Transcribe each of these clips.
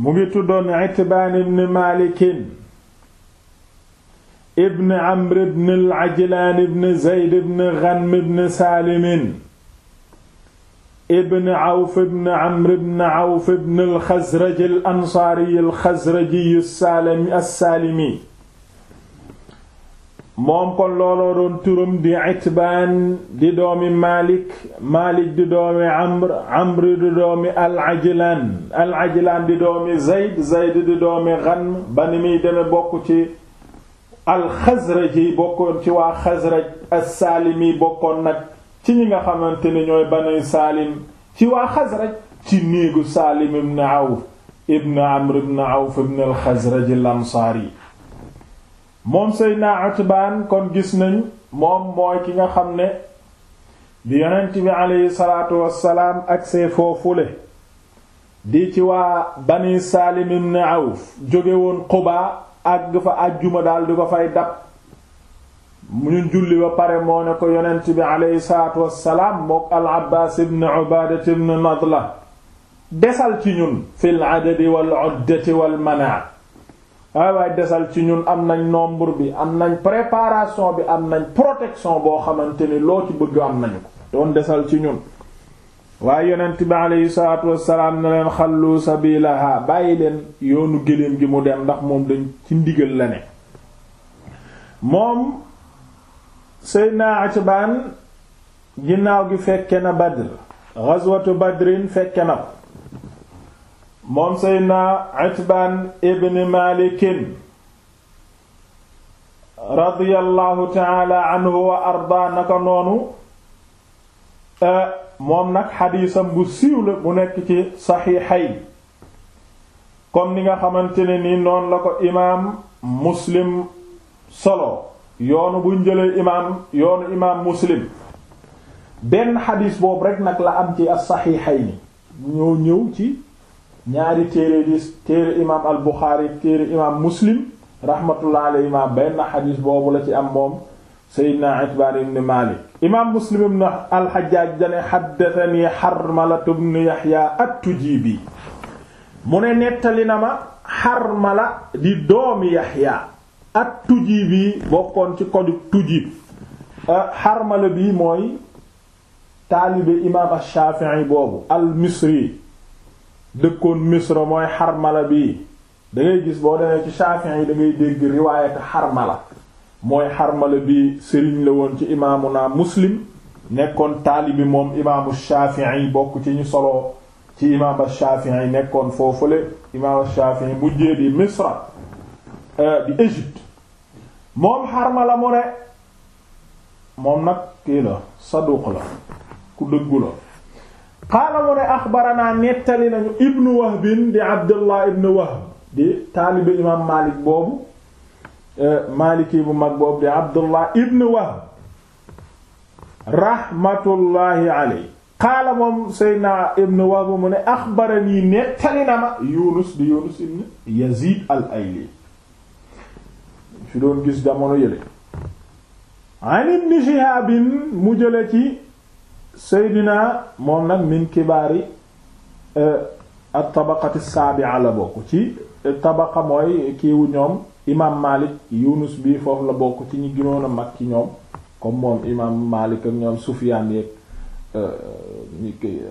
mu ngi tuddoon itbaan ibn malikin ibn amr ibn al-ajlaan ibn zayd ibn ghanm ibn saalimin ibn awf ibn amr ibn awf ibn al-xazraj al-ansaari al-xazraji as-saalimi moom kon looloo doon turam di itbaan di doomi maalik maalik di doomi amr amr di doomi al-ajlaan al-ajlaan di doomi zayd zayd di doomi ghanm ba ni deme bokk ci alxazraji bokkoon ci waa xazraj as-saalimi bokkoon nag ci ñi nga xamante ne ñooy banu saalim ci waa xazraj ci néegu saalim ibn awf ibn amr ibn awf ibn al-xazraji al-ansaari moom Seydina Utbaan kon gis nañ moom mooy ki nga xam ne bi yonent bi aleyhi salaatu wassalaam ak see foofule di ci waa bani Saalim ibn Awf jóge woon Qubaa àgg fa àjjuma daal di ko fay dab ñun julli ba pare moo ne ko yonent bi aleyhi salaatu wassalaam mook al Abbaas ibn Ubaada ibn Nadla desal ci ñun fil adadi wal uddati wal manaa ay waay desal ci ñun am nañ nombre bi am nañ préparation bi am nañ protection boo xamante ni loo ci bëgg am nañu ko doon desal ci ñun waaye yonent bi aleyhi salaatu wassalaam na leen xallu sabilaha bàyyi leen yoonu géléem gi mu dem ndax moom dañ ci ndigal la ne moom Seydina Atbaan ginnaaw gi fekke na Badr ghazwatu Badrin fekke na moom seydna itbaan ibn malikin radiyallahu taala anhu wa arda naka noonu e, moom nag xadiisam bu siiw la bu nekk ci saxiixay kon ni nga xamante ne ni noonu la ko imaam muslim solo yoonu buñ jëlee imaam yoonu imaam muslim benn xadiis boobu rekk nag la am ci as saxiixay ni ñoo ñëw ci ñaari téere dis téere imaam al buxaari téere imaam muslim rahmatullah alayhi ma benn xadis boobu la ci am moom seydina itbaan ibn malik imaam muslim ibn al xajjaaj dane xaddatani xarmalatu ibn yaxya at-tujibi mu ne nettali na ma xarmala di doomi yaxya at-tujibi bokkoon ci kodug tujib xarmala euh, bi mooy taalibe imaam al shaafi'i boobu al misri dëkkoon misra mooy xarmala bi dangay gis boo demee ci Shafi'i yi da ngay dégg riwaayat xarmala mooy xarmala bi sëriñ la woon ci imaamu naa muslim nekkoon taalibi moom imaamu Shafi'i bokk ci ñu solo ci imaamu Shafi'i nekkoon foofule imaamu Shafi'i mujjee di misra euh, di Égypte moom xarmala mu ne moom nag kii la saduq la ku dëggu la qaala mu ne axbaranaa nettali nañu ibnu wahbin di abdullah ibnu wahb di taalibe imaam maalik boobu eh, maaliki bu mag boobu di abdullah ibnu wahb rahmatullahi aley qaala moom seydna ibnu wahb mu ne axbaranii nettali na ma yunus di yunus ibnu yazid al ayli fi doon gis jamono yële an ibnu shihaabin mu jële ci Seydina moom nag min kibaari e, at-tabaqati as-sabi'a la bokk ci e, tabaqa mooy kiiwu ñoom imaam Malik Yunus bi foofu la bokk ci ñi gënoon a mag ci ñoom comme moom imaam Malik ak ñoom Sufyaan yeeg e,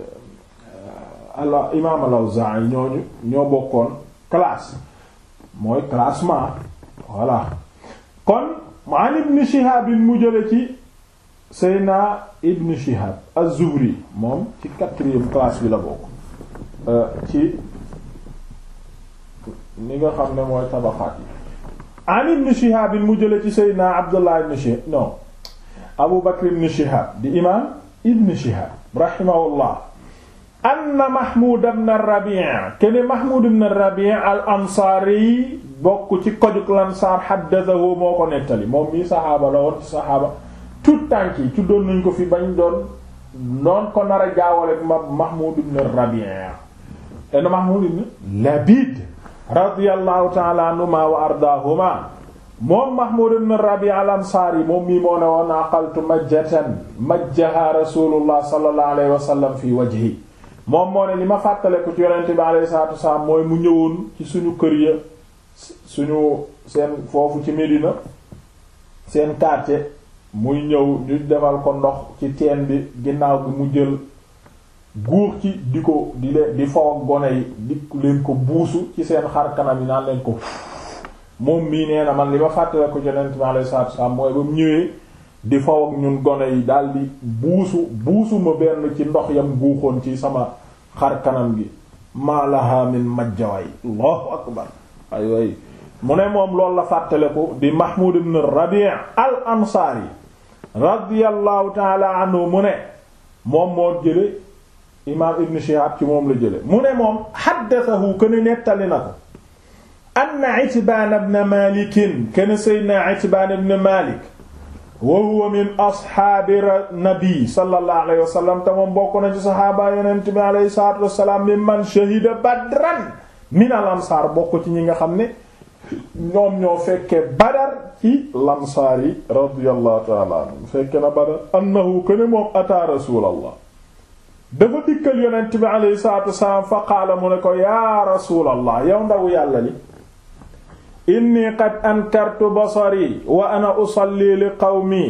imaam al-Awzaa'i ñooñu ñoo bokkoon classe mooy classement voilà kon mu an Ibn Shihaab mu jële ci Seyna Ibn Shihab az-Zuhri moom ci quatrième classe bi la bokk euh, ci ni nga xam ne mooy tabaxaat yi mu jële ci Seyna Abdullah ibn Shihab non Abu Bakr ibn Shihab di imaam Ibn Shihab rahimahullah anna Mahmoud ibn Rabi' kenn Mahmoud ibn Rabi' al-Ansari bokk ci kojug Ansaar haddathahu moo ko nettali moom mii saxaaba la woon tout tànk yi tuddoon nañ ko fi bañ doon noon ko nar a jaawale ma Mahmoud ibn Rabi'a en Mahmoud ibn Labid radiyallahu ta'ala wa ardaahuma moom Mahmoud ibn Rabi'a al-Ansari moom mii moo ne woon aqaltu majjatan majjaha rasulullah sallallahu alayhi wa sallam fi wajhi moom moo ne li ma fàttale ko ci yonente bi alayhi salatu mooy mu ñëwoon ci suñu kër ya suñu seen foofu ci Médina seen quartier muy ñëw ñu demal ko ndox ci teen bi ginnaaw bi mu jël guur ci di ko di leen di faw ak gone yi di ko buusu ci seen xar kanam yi naan leen ko moom mii nee na man li ma fàttale ko yonent mi alayhi salaatu wa salaam mooy ba ñëwee di faw ñun gone yi daldi buusu buusu ma benn ci ndox yam guuxoon ci sama xar kanam gi maalaha min majjaway allahu akbar ay way mu ne moom loolu la fàttale ko di Mahmoud ibn Rabi' al Ansaari radiyallahu taala anhu mu ne moom moo jële imaam ibn Shihab ci moom la jële mu ne moom xaddasahu kën a nettali na ko anna Itbaan ibn Maalikin kën sayyidina Itbaan ibn Maalik wa huwa min ashaabi nabi sallallahu alayhi wa sallam te moom bokk na ci saxaaba yonent bi alayhi salaatu wa salaam mimman shahida badran min al ansaar bokk ci ñi nga xam ne ñoom ñoo fekkee badar ci lansaar yi radiyallahu taala anhu fekke na badar annahu kana moom ataa rasulallah dafa dikkal yonent bi alayhi salaatu wasalaam fa qaala mu ne ko yaa rasulallah yow ndaw yàlla li inni qad ankartu basari wa ana usalli li qawmi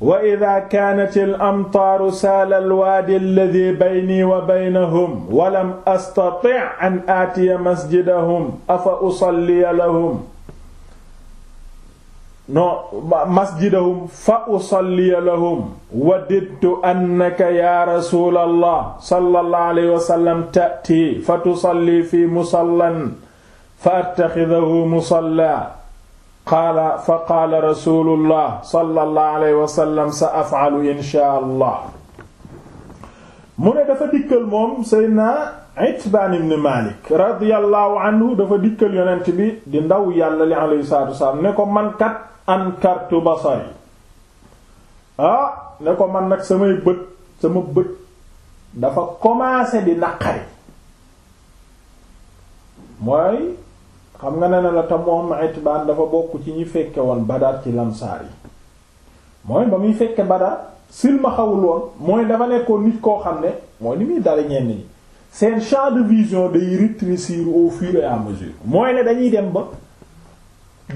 wa idaa kaanat al-amtaaru saala al-waadi alladii baynii wa baynahum wa lam astati' an aatiya masjidahum afa usalliya lahum non masjidahum fa usalliya lahum wadidtu annaka yaa rasuulallah sallallahu alayhi wa sallam ta'tii fa tusallii fi musallan fa attaxidahu musallaa qaala fa qaala rasulullah sallallahu alayhi wa sallam sa af'alu inshaa allah mu ne dafa dikkal moom Seydina Itbaan ibn Maalik radiyallahu anhu dafa dikkal yonent bi di ndaw yàlla li alayhi salaatu wasalaam ne ko man kat ankartu basari ah ne ko man nag samay bët sama bët dafa commencé di naqari mooy xam nga ne na la te moom Itbaan dafa bokk ci ñu fekke woon Badar ci lamsaar yi mooy ba muy fekke Badar silma woon mooy dafa nekkoon nit koo xam ne mooy ni muy dale ñenn ñi seen champ de vision day rétrécir au fur et à mesure mooy ne dañuy dem ba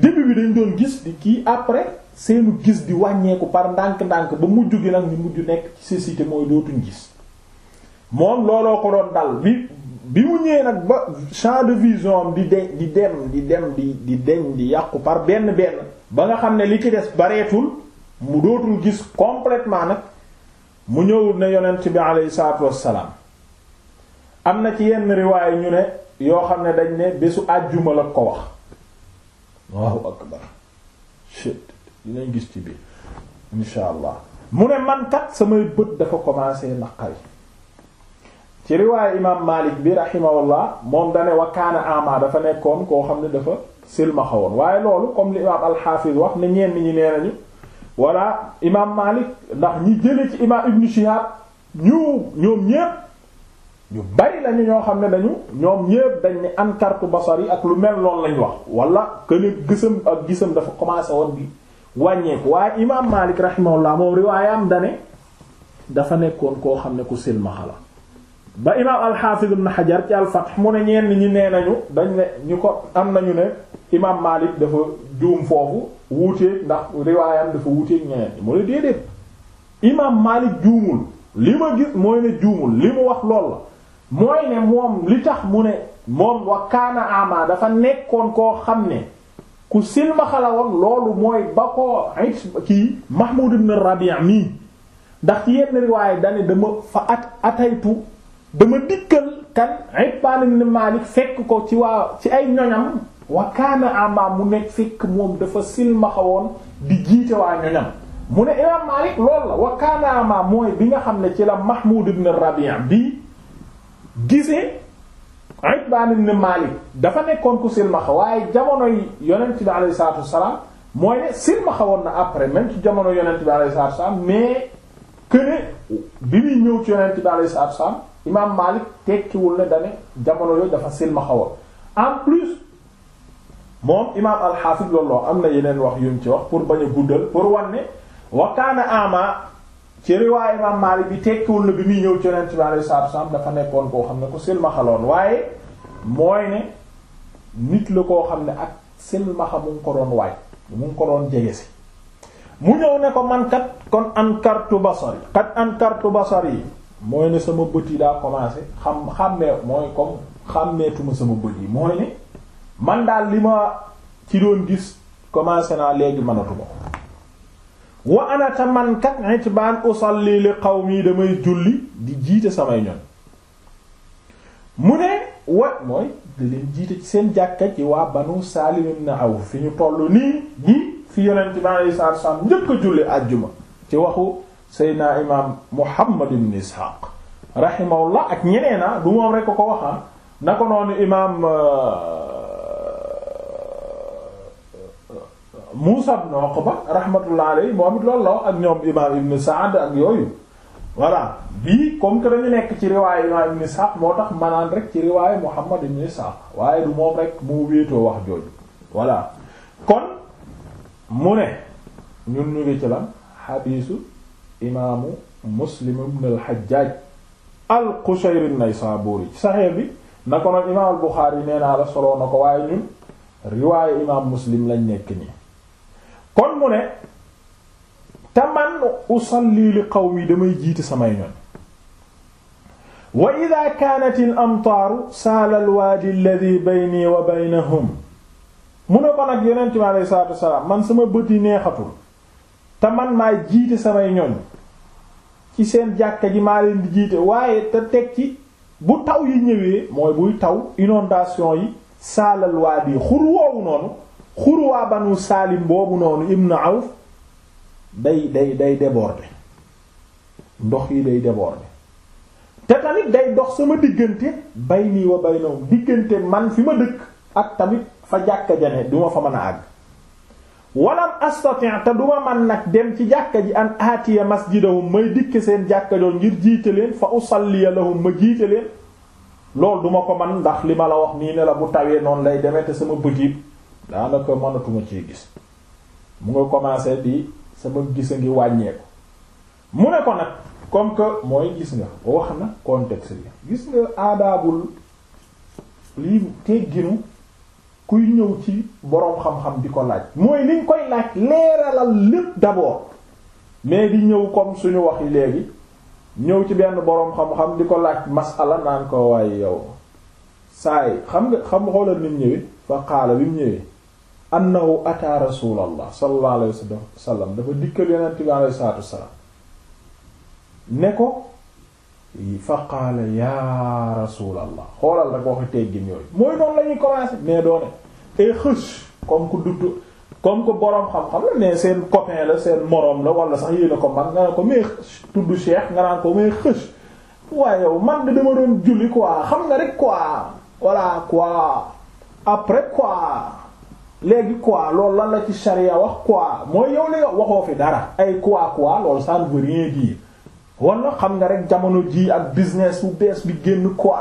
début bi dañ doon gis di kii après seenu gis di wàññeeku par ndànk-ndànk ba mujj gi nag ñu mujj nekk ci cécité mooy dootuñ gis moom looloo ko doon dal bi bi mu ñëwee nag ba champ de vision am di de di dem di dem di di deñ di yàqu par benn benn ba nga xam ne li ci des bareetul mu dootul gis complètement nag mu ñëw ne yonent bi aleyhi salaatu am na ci yenn riwaay ñu ne yoo xam ne dañ ne bésu àjjuma la ko wax Allahu akbar shit dinañ gis ci biir insha allah mu ne man kat samay bët dafa commencé naqari ci riwaaye imam Malik bi rahimahullah moom dane wa kaana dafa nekkoon koo xam ne dafa silmaxa woon waaye loolu comme li imam alxaafis wax ne ñenn ñi nee nañu walla imam Malik ndax ñi jële ci imam Ibn Shihab ñu ñoom ñépp ñu bari lañu ñoo xam ne dañu ñoom ñépp dañ ne ankartu basar yi ak lu mel loolu lañ wax wala que ne gisam ak gisam dafa commencé woon bi wàññeeku waaye imam Malik rahimahullah moom riwaayam dane dafa nekkoon koo xam ne ku silmaxa ba imaam alxaafis ibn xajar ci alfath mu ne ñenn ñi nee nañu dañ ne ñu ko am nañu ne imaam Maalik dafa juum foofu wuuteeg ndax riwaayam dafa wuuteeg ñeneen mu ne déedéet imaam Maalik juumul li ma gis mooy ne juumul li mu wax lool la mooy ne moom li tax mu ne moom wa kaana ama dafa nekkoon koo xam ne ku silmaxalawoon woon loolu mooy ba ko kii Mahmoud ibn Rabi' mii ndax ci yenn riwaaya dane dama fa at ataytu dama dikkal kan Itbaan ibn Maalik fekk ko ci waa ci ay ñoñam wa kaana ama mu nekk fekk moom dafa silmaxa woon di jiite waa ñoñam mu ne imaam Maalik loolu la wa kaana ama mooy bi nga xam ne ci la Mahmoud ibn Rabi' bi gisee Itbaan ibn Maalik dafa nekkoon ku silmaxa waaye jamono yi yonent bi alayhi salaatu wassalaam mooy ne silmaxa na après même ci jamono yonent bi alayhi ñëw ci yonent bi alayhi salaatu wassalaam imaam Malik tekkiwul ne dane jamono yooyu dafa silma xawoon en plus moom imaam alxaafis loolu am na yeneen wax yuñ ci wax pour bañ a guddal pour wanne wa kaana ama ci riwaay imaam Malik bi tekkiwul ne bi muy ñëw ci yonent bi alayhi salaatu wasallam dafa nekkoon koo xam ne ku silma xaloon waaye mooy ne nit la koo xam ne ak silmaxa mu ngi ko doon waaj mu ko doon jege si mu ñëw ne ko man kat kon ankartu basari kat ankartu yi mooy ne sama bët yi daa commencé xam xàmmee mooy comme xàmmeetuma sama bët yi mooy ne man daal li ma ci doon gis commencé naa léegi mënatuma wa anata man kat itbaan usalli li mii damay julli di jiite samay ñoñ mu ne wa mooy da jiite ci seen jàkka ci waa banu Saalim ibn Awf fi ñu toll nii gi fi yonent bi alayhi salaatu njëkk julli àjjuma ci waxu Seydina imaam Muhammad ibn Ishaq rahimahullah ak ñeneena ah, du moom rek ko wax waxaa ah, na ko noonu imaam euh, euh, Muusa ibn Uqba rahmatullah alayhi moom it loolu la ak ñoom imaam ibn Sa'd ak yooyu voilà bii comme que dañu nekk ci riwaayu imaam ibn Ishaq moo tax manaan rek ci riwaayu Muhammad ibn Ishaq waaye du moom rek mu wéetoo wax jooju voilà kon mu ne ñun ñu ngi ci lan xadiisu imaamu muslim ibn al-Hajjaj al-Qushayri an-Naysaburi ci bi na ko noon imaam al-Bukhari nee naa la soloo na ko waaye ñun riwaaye imaam muslim lañ nekk nii kon mu ne te man usalli li qawmi damay jiite samay ñoon wa ida kaanat mu ne ko nag yonent bi alayhi salaatu man sama bët yi neexatul te man maa jiite samay ñoñ ci seen jàkka ji maa leen di jiite waaye te teg ci bu taw yi ñëwee mooy buy taw inondation yi saalal bi xur woowu noonu xur waa banu saalim boobu noonu ibn Awf day day day déborder ndox yi day déborder te tamit day dox sama diggante bay nii bay diggante man fi ma dëkk ak tamit fa jàkka jane duma fa mën a àgg walam astati' te duma man nag dem ci jàkka ji an aatiya masjidahum may dikk seen jàkka joon ngir jiite leen fa usalliya lahum ma jiite leen loolu duma ko man ndax li ma la wax nii ne la bu tawee noonu lay demee te sama bët yi daanaka mënatuma ci gis mu nga commencé bi sama gis a ngi wàññeeku mu ne ko nag comme que mooy gis nga wax na contexte bi gis nga aadaabul lii tegginu kuy ñëw ci boroom xam-xam di ko laaj mooy liñ koy laaj leeralal lépp d'abord mais di ñëw comme suñu wax yi léegi ñëw ci benn boroom xam-xam di ko laaj masala naan ko waaye yow saa xam nga xam xoolal ni mu ñëwee fa qaala bi mu ñëwee annahu ata rasulallah sallallahu alayhi wasallam dafa dikkal yonent bi alayhi salaatu wasallam ne ko fa qaala ya rasulallah xoolal rek waxi teggin yooyu mooy noonu la ñuy commencer mais doone ay xës comme ku dudd comme que boroom xam-xam la mais seen copain la seen moroom la wala sax yéen a ko man nga naan ko mais tudd cheikh nga naan ko mais xës waaye yow man de dama doon julli quoi xam nga rek quoi voilà quoi après quoi léegi quoi loolu lan la ci charia wax quoi mooy yow la waxoo fi dara ay quoi quoi loolu ça ne veut rien wala xam nga rek jamono ji ak business bu bees bi génn quoi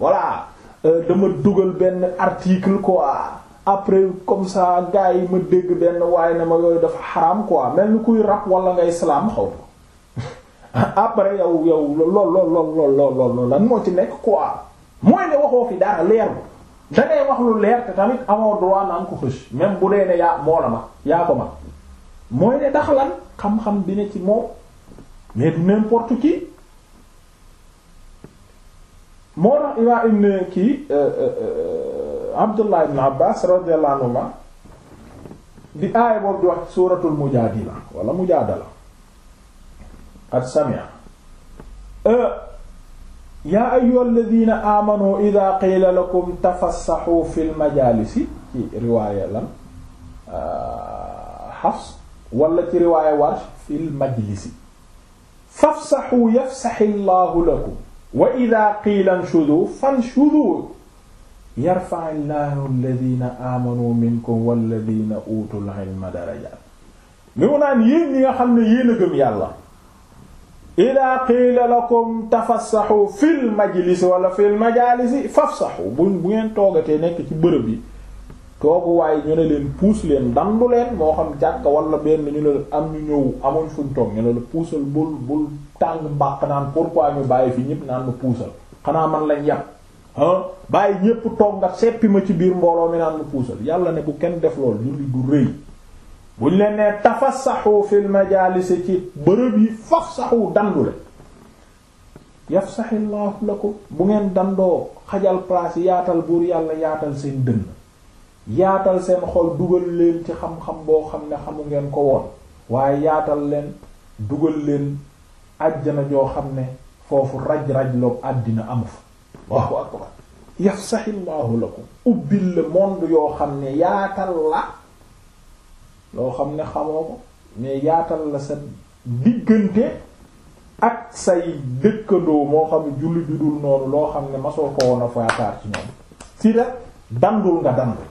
voilà euh, dama dugal benn article quoi après comme ça gars yi ma dégg benn waaye na ma yooyu dafa xaraam quoi mel ni kuy rap wala ngay islam xaw ma après yow yow lool lool lool lool lool lan moo ci nekk quoi mooy ne waxoo fi dara leer da ngay wax lu leer te tamit amoo droit naan ko xës même bu dee ne yaa moo la ma yaa ko ma mooy ne dax lan xam-xam bi ne ci moom. mais du n'importe qui moo tax imaam ibn kii euh, euh, euh, Abdullah ibn Abbas radiyallahu anhuma di aaya boobu di wax suuratul mujaadila wala mujaadala ak samia yaa ayyuhal ladina amanu idha qila lakum tafassahu fil majalisi ci riwaaya lan Hafs wala ci riwaaya Warsh fil majlisi fafsaxu yafsaxi llaahu lakum wa ida qiila nshudu fanshudu yarfa llaahu alladina aamanu minkum walladina utul ilma darajaat mi mu naan yéen ñi nga xam ne yéen a gëm yàlla ida qiila lakum tafassaxu fil majlis wala fil majaalisi fafsaxu bu bu ngeen toogatee nekk ci bërëb yi tooguwaay ñu ne leen puus leen dandu leen moo xam jàkka wala benn ñu ne leen am ñu ñëw amuñ fuñ toog ñu ne la puusal bul bul tàng mbàq naan pourquoi ñu bàyyi fi ñëpp naan ma puusal xanaa man lañ yàq ah bàyyi ñëpp toog nga seppi ma ci biir mbooloo mi naan ma puusal yàlla ne bu kenn def lool julli du rëy buñ leen nee tafassaxu fil majalis ci bërëb yi fafsaxu dandu leen yafsaxillahu ko bu ngeen dandoo xajal place yaatal buur yàlla yaatal seen dënn yaatal seen xol dugal leen ci xam-xam boo xam ne xamu ngeen ko woon waaye yaatal leen dugal leen àjjana joo xam ne foofu raj-raj loobu àddina amu fa Allahu akbar yafsahillahu lakum ubbil le monde yoo xam ne yaatal la loo xam ne xamoo ko mais yaatal la sa diggante ak say dëkkandoo moo xam julli ju dul noonu loo xam ne masoo ko woon a faataar ci si la dandul nga dandul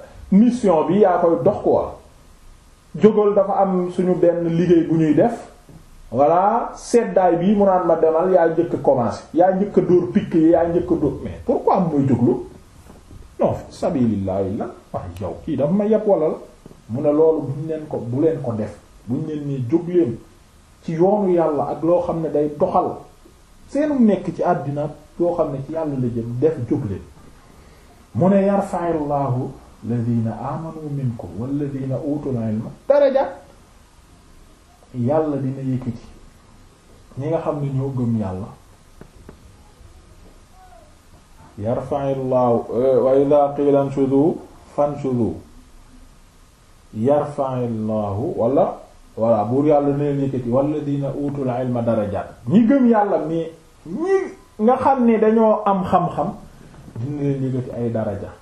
mission bi yaa koy dox ko wa jógal dafa am suñu benn liggéey bu ñuy def voilà seddaay bii mu naan ma demal yaa njëkk a commencé yaa njëkk a dóor pikk yi yaa njëkk a dóor mais pourquoi muy jóglu non sabilillahi la waaye yow kii dafa ma yeb wala la mu ne loolu buñ leen ko bu leen ko def buñ leen nii jóg leen ci yoonu yàlla ak loo xam ne day doxal seenum nekk ci àddina yoo xam ne ci yàlla la jëm def jóg leen mu ne yarfa'illahu alladhina amanu minkum walladhina utul ilma darajaat yàlla dina yëkkati ñi nga xam ni ñoo gëm yàlla yarfa'illahu euh, wa idha qila anshudu fanshudu yarfa'illahu wala wala buur yàlla dina leen yëkkati walladhina utul ilma darajaat ñi gëm yàlla mi ñi nga xam ni dañoo am xam-xam dina leen yëkkati ay daraja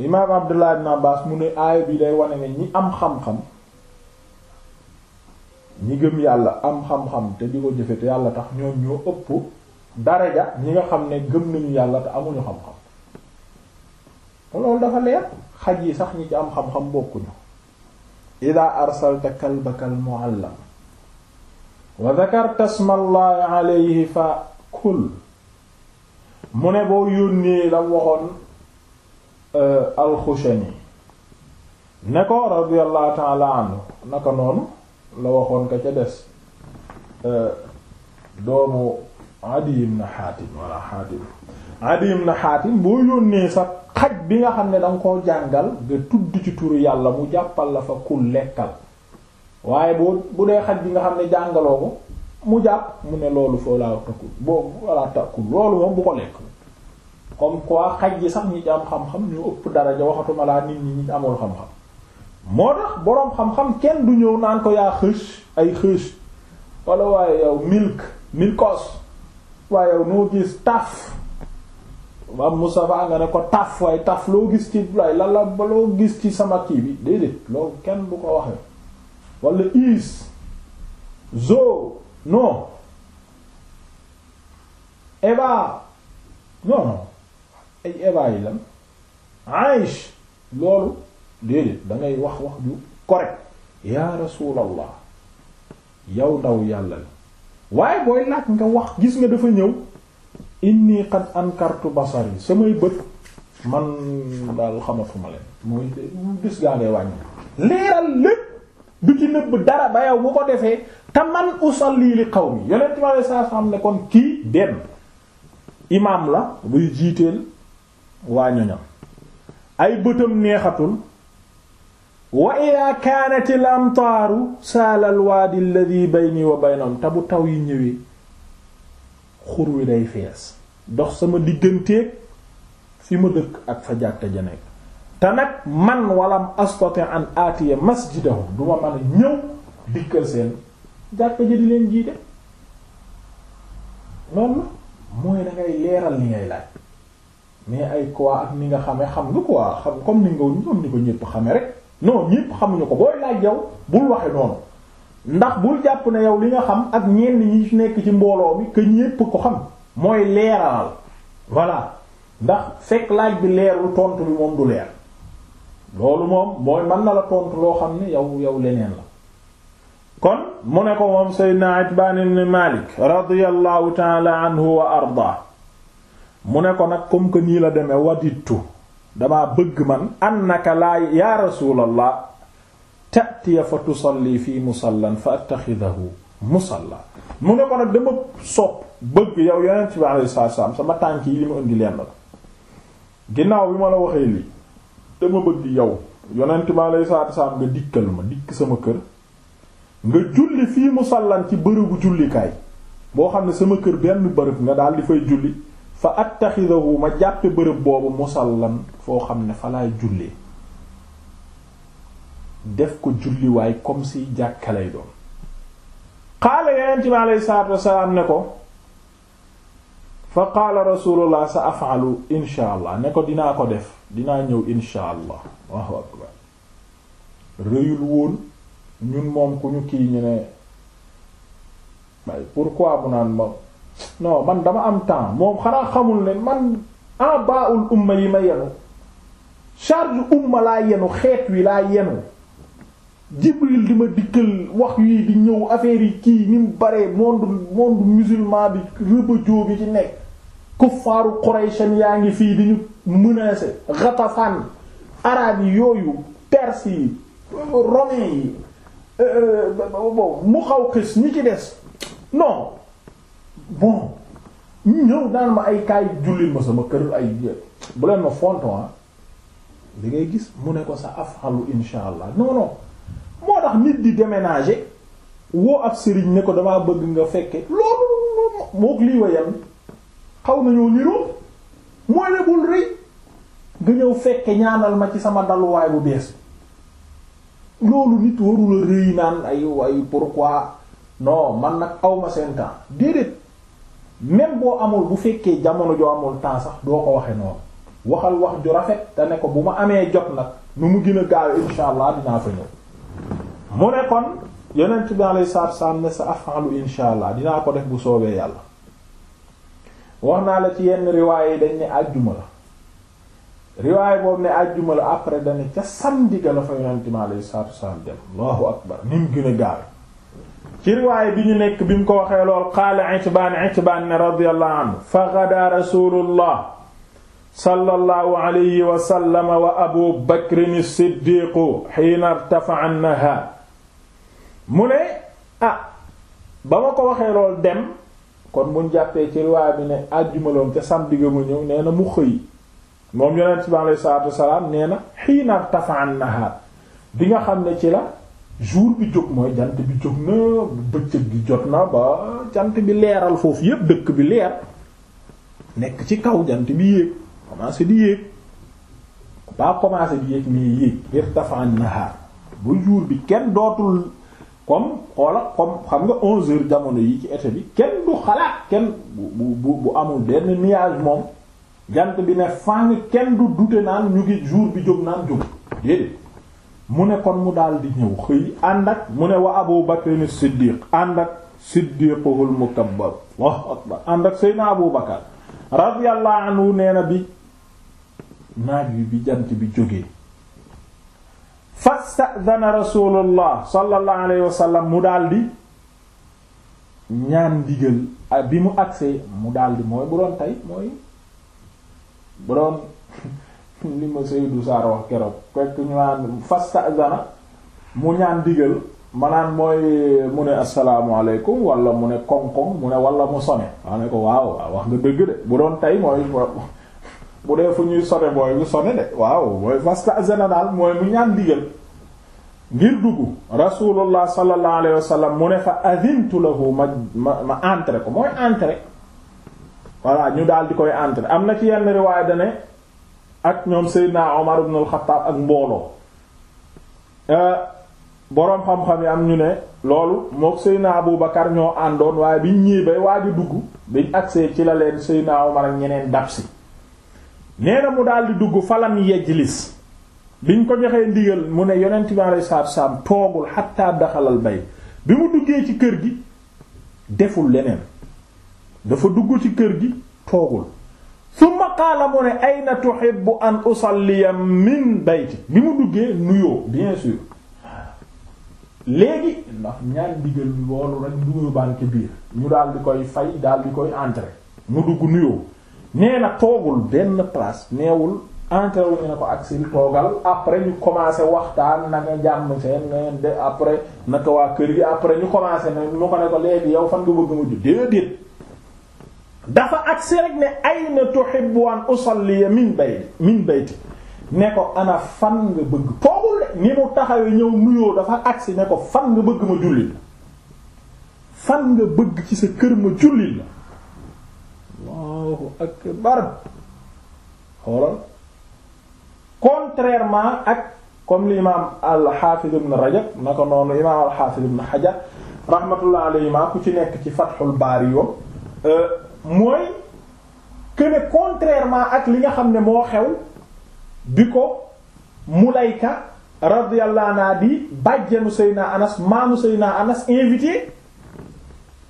imaam abdullah ibn abbas mu ne aaya bi day wane ne ñi am xam-xam ñi gëm yàlla am xam-xam te di ko jëfe te yàlla tax ñoom ñoo ëpp daraja ñi nga xam ne gëm nañu yàlla te amuñu xam-xam loolu dafa leer xaj yi sax ñi ci am xam-xam bokkuñu ida arsalta kalbaka al muallam wa dhakarta isma allahi fa kul mu ne boo yónnee la waxoon Euh, alxushani ne ko radiyallahu ta'ala anhu naka noonu la waxoon ka ca des euh, doomu Adi ibn Hatim walla Hatim Adi ibn Hatim boo yónnee sa xaj bi nga xam ne danga ko jàngal nga tudd ci turu yàlla mu jàppal la fa kul lekkal waaye boo bu dee xaj bi nga xam ne jàngaloo ko mu jàpp mu ne loolu foo laa takkul boo walla takkul loolu moom bu ko lekk comme quoi xaj yi sax ñi ci am xam-xam ñu ëpp daraja waxatuma laa nit ñi ñi amul xam-xam moo tax boroom xam-xam kenn du ñëw naan ko yaa xëch ay xëch wala waaye yow milk milkos waaye noo gis taf am Moustapha nga ne ko taf waaye taf loo gis ci lay lan la ba gis ci sama kii bi déedéet loolu kenn du ko waxee wala is zo non eba non ay eva yi lan aish loolu déedéet da wax wax ju correct ya rasulallah yow ndaw yàlla la waaye booy laaj nga wax gis nga dafa ñëw inni qad ankartu basar yi samay bët man daal xamatuma leen mooy gis gaa ngay wàññi leeral lépp du ci nëbb dara ba yow bu ko defee te man usalli li qawmi yonent bi sallallahu alayhi wasallam ne kon kii dem imaam la buy jiiteel waa ñoñam ay bëtam neexatul wa ida kaanat al amtaaru saala al waadi alladi bayni wa baynahum te taw yi ñëwee xur wi day fees dox sama digganteeg fi ma dëkk ak fa jàkka ja nekk te nag man walam astati an aatiya masjidahu duma mën a ñëw dikkal seen jàkka ja di leen jiite loolu mooy da leeral li ngay laaj mais ay quoi ak ni nga xamee xam nga quoi xam comme ni nga ñoom ni ko ñëpp xamee rek non ñëpp xamuñu ko booy laaj yow bul waxe noonu ndax bul jàpp ne yow li nga xam ak ñenn ñi nekk ci mbooloo mi que yëpp ko xam mooy leeralal voilà ndax fekk laaj bi leerul tontu bi moom du leer loolu moom mooy mën na la tontu loo xam ne yow yow leneen la kon mu ne ko moom Seydina Itbaan ibn Maalik radiyallahu ta'ala anhu wa arda mu ne ko nag comme que nii la demee wadittu damaa bëgg man annaka laa yaa rasulallah tatiya fa tusalli fii musallan fa attaxidahu musalla mu ne ko nag dama sopp bëgg yow yonent bi alayhi salaatu salaam sama tànk yi li ma indi leen la ginnaaw bi ma la waxee lii dama bëgg yow yonent bi alayhi salaatu salaam nga dikkal ma dikk sama kër nga julli fii musallan ci bërëbu jullikaay boo xam ne sama kër benn bërëb nga daal di fay julli fa wu ma jàppe bërëb boobu musallan foo xam ne fa laay jullee def ko julliwaay comme si jàkka lay doon qaala yonent bi aleyhi salaatu wasalaam ne ko fa qaala rasulullah sa afaalu insha allah ne ko dinaa ko def dinaa ñëw insha allah waaw akbar rëyul woon ñun moom ku ñu kii ñu ne waaye pourquoi bu naan ma non man dama am temps moom xanaa xamul ne man abaul umma yi ma yenu charge umma laa yenu xeet wi laa yenu jibril di ma dikkal wax yi di ñëw affaire yi kii ni mu bare monde monde musulman bi rëbëjoo bi ci nekk kuffaaru qurayshan yaa ngi fii di ñu menacer Ghatafan araab yi yooyu perse yi yi euh, euh, mu xaw xis ñi ci des non bon ñu ñëw daan ma ay kaay jullil ma sama kër ay bu leen ma fonton ah. li ngay gis mu ne ko sa afxalu insha allah non non moo tax nit di déménager woo ab sëriñ ne ko damaa bëgg nga fekke loolu mook lii ñëw fekke ñaanal ma ci sama daluwaay bu bees loolu nit warula rëy naan ay ay pourquoi non man nag awma seen déedéet même boo amul bu fekkee jamono joo amul temps sax doo ko waxee noonu waxal wax ju rafet te ne ko bu ma amee jot nag nu mu gën a gaawe insha allah dinaa fa ñëw mu ne kon yonent bi alayhi salaatu dinaa ko def bu soobee yàlla wax naa la ci yenn riwaay yi dañ ne àjjuma la riwaay boobu ne àjjuma la après dañ ne ca samedi ga la fa yonent bi alayhi salaatu salaam dem allahu akbar ni mu gën a gaawe ci riwaaya bi ñu nekk bi mu ko waxee lool qaala itbaan itbaan ne radiyallahu anhu fa ghadaa rasulullah sallallahu alayhi wa sallam wa abu bakrin as-siddiq hiina irtafa'a an-nahaar mu ne ah ba ma ko waxee lool dem kon buñ jàppee ci riwaaya bi ne àjjumaloon ca samedi ga mu ñëw nee na mu xëy moom yonent bi alayhi salaatu salaam nee na hiina irtafa'a an-nahaar bi nga xam ne ci la jour bi jóg mooy jant bi jóg na bëccëg gi jot na ba jant bi leeral foofu yépp dëkk bi leer nekk ci kaw jant bi yéeg commencé di yéeg ba commencé di yéeg nii yéeg irtafa'an nahar ba jour bi kenn dootul comme xoola comme xam nga onze heures jamono yi ci été bi kenn du xalaat kenn bu bu bu amul benn nuage moom jant bi ne fàng kenn du dute naan ñu ngi jour bi jóg naan jóg mu ne kon mu daldi ñëw xëy ànd ak mu ne wa Abu Bakr as-Siddiq ànd ak siddiquhul mukabbar ànd ak Seydina Abu Bakr radiyallahu nee na bi naaj wi bi jant bi jógee fastadana rasulullah sallallahu alayhi wa sallam mu daldi ñaan digal bi mu agsee mu daldi mooy bu doon tey mooy bu doon li ma Seydou Sarr wax keroog fekk ñu naan fasta azana mu ñaan digal ma naan mooy mu ne asalaamaaleykum wala mu ne koŋ-koŋ mu ne wala mu sone ma ne ko waaw wax nga dëgg de bu doon tay mooy bu dee fu ñuy sone mooy bu sone de waaw mooy fasta azana daal mooy mu ñaan digal ngir dugg rasulullah sallallahu alayhi wa sallam mu ne fa azintu lahu ma ma ma entré ko mooy entré voilà ñu daal di koy entré am na ci yenn riwaay da ne ak ñoom Seydina Omar ibn al-Khattab ak mbooloo euh, boroom xam-xam yi am ñu ne loolu mook Seydina Abu Bakar ñoo àndoon waaye biñ ñii bay waaj a dugg biñ agsee ci la leen Seydina Omar ak ñeneen dab si mu daldi dugg falam yejlis biñ ko joxee ndigal mu ne yonent bi alayhi salaatu salaam toogul xatta daxalal bay bi mu duggee ci kër gi deful leneen dafa dugg ci kër gi toogul summa qaala mu ne ayna tuhibbu an usalliya min bayti bi mu duggee nuyoo bien sûr léegi ndax ñaan digal loolu rek nuyoo baan biir ñu daal di koy fay daal di koy entrer mu dugg nuyoo nee na toogul benn place neewul entrer wu ne ko ak si toogal après ñu commencé waxtaan na nga jàmm seen neen de après naka waa kër gi après ñu commencé na mu ko ne ko léegi yow fan nga bëgg mu ju dafa agsi rek ne ayna tuhibbu an usalli min bayti min bayti ne ko ana fan nga bëgg poogul ni mu taxawee ñëw nuyoo dafa agsi ne ko fan nga bëgg ma julli la fan nga bëgg ci sa kër ma julli la allahu akbar xoolal contrairement ak comme l'imam al-Hafiz ibn Rajab na ko noonu imam al-Hafiz ibn Hajar rahmatullah ma ku ci nekk ci Fathul Bari yoom mooy que ne contrairement ak li nga xam ne moo xew bi ko mu Mulayka radiyallahu bi di bàjjenu Seyna Anas maamu Seyna Anas invité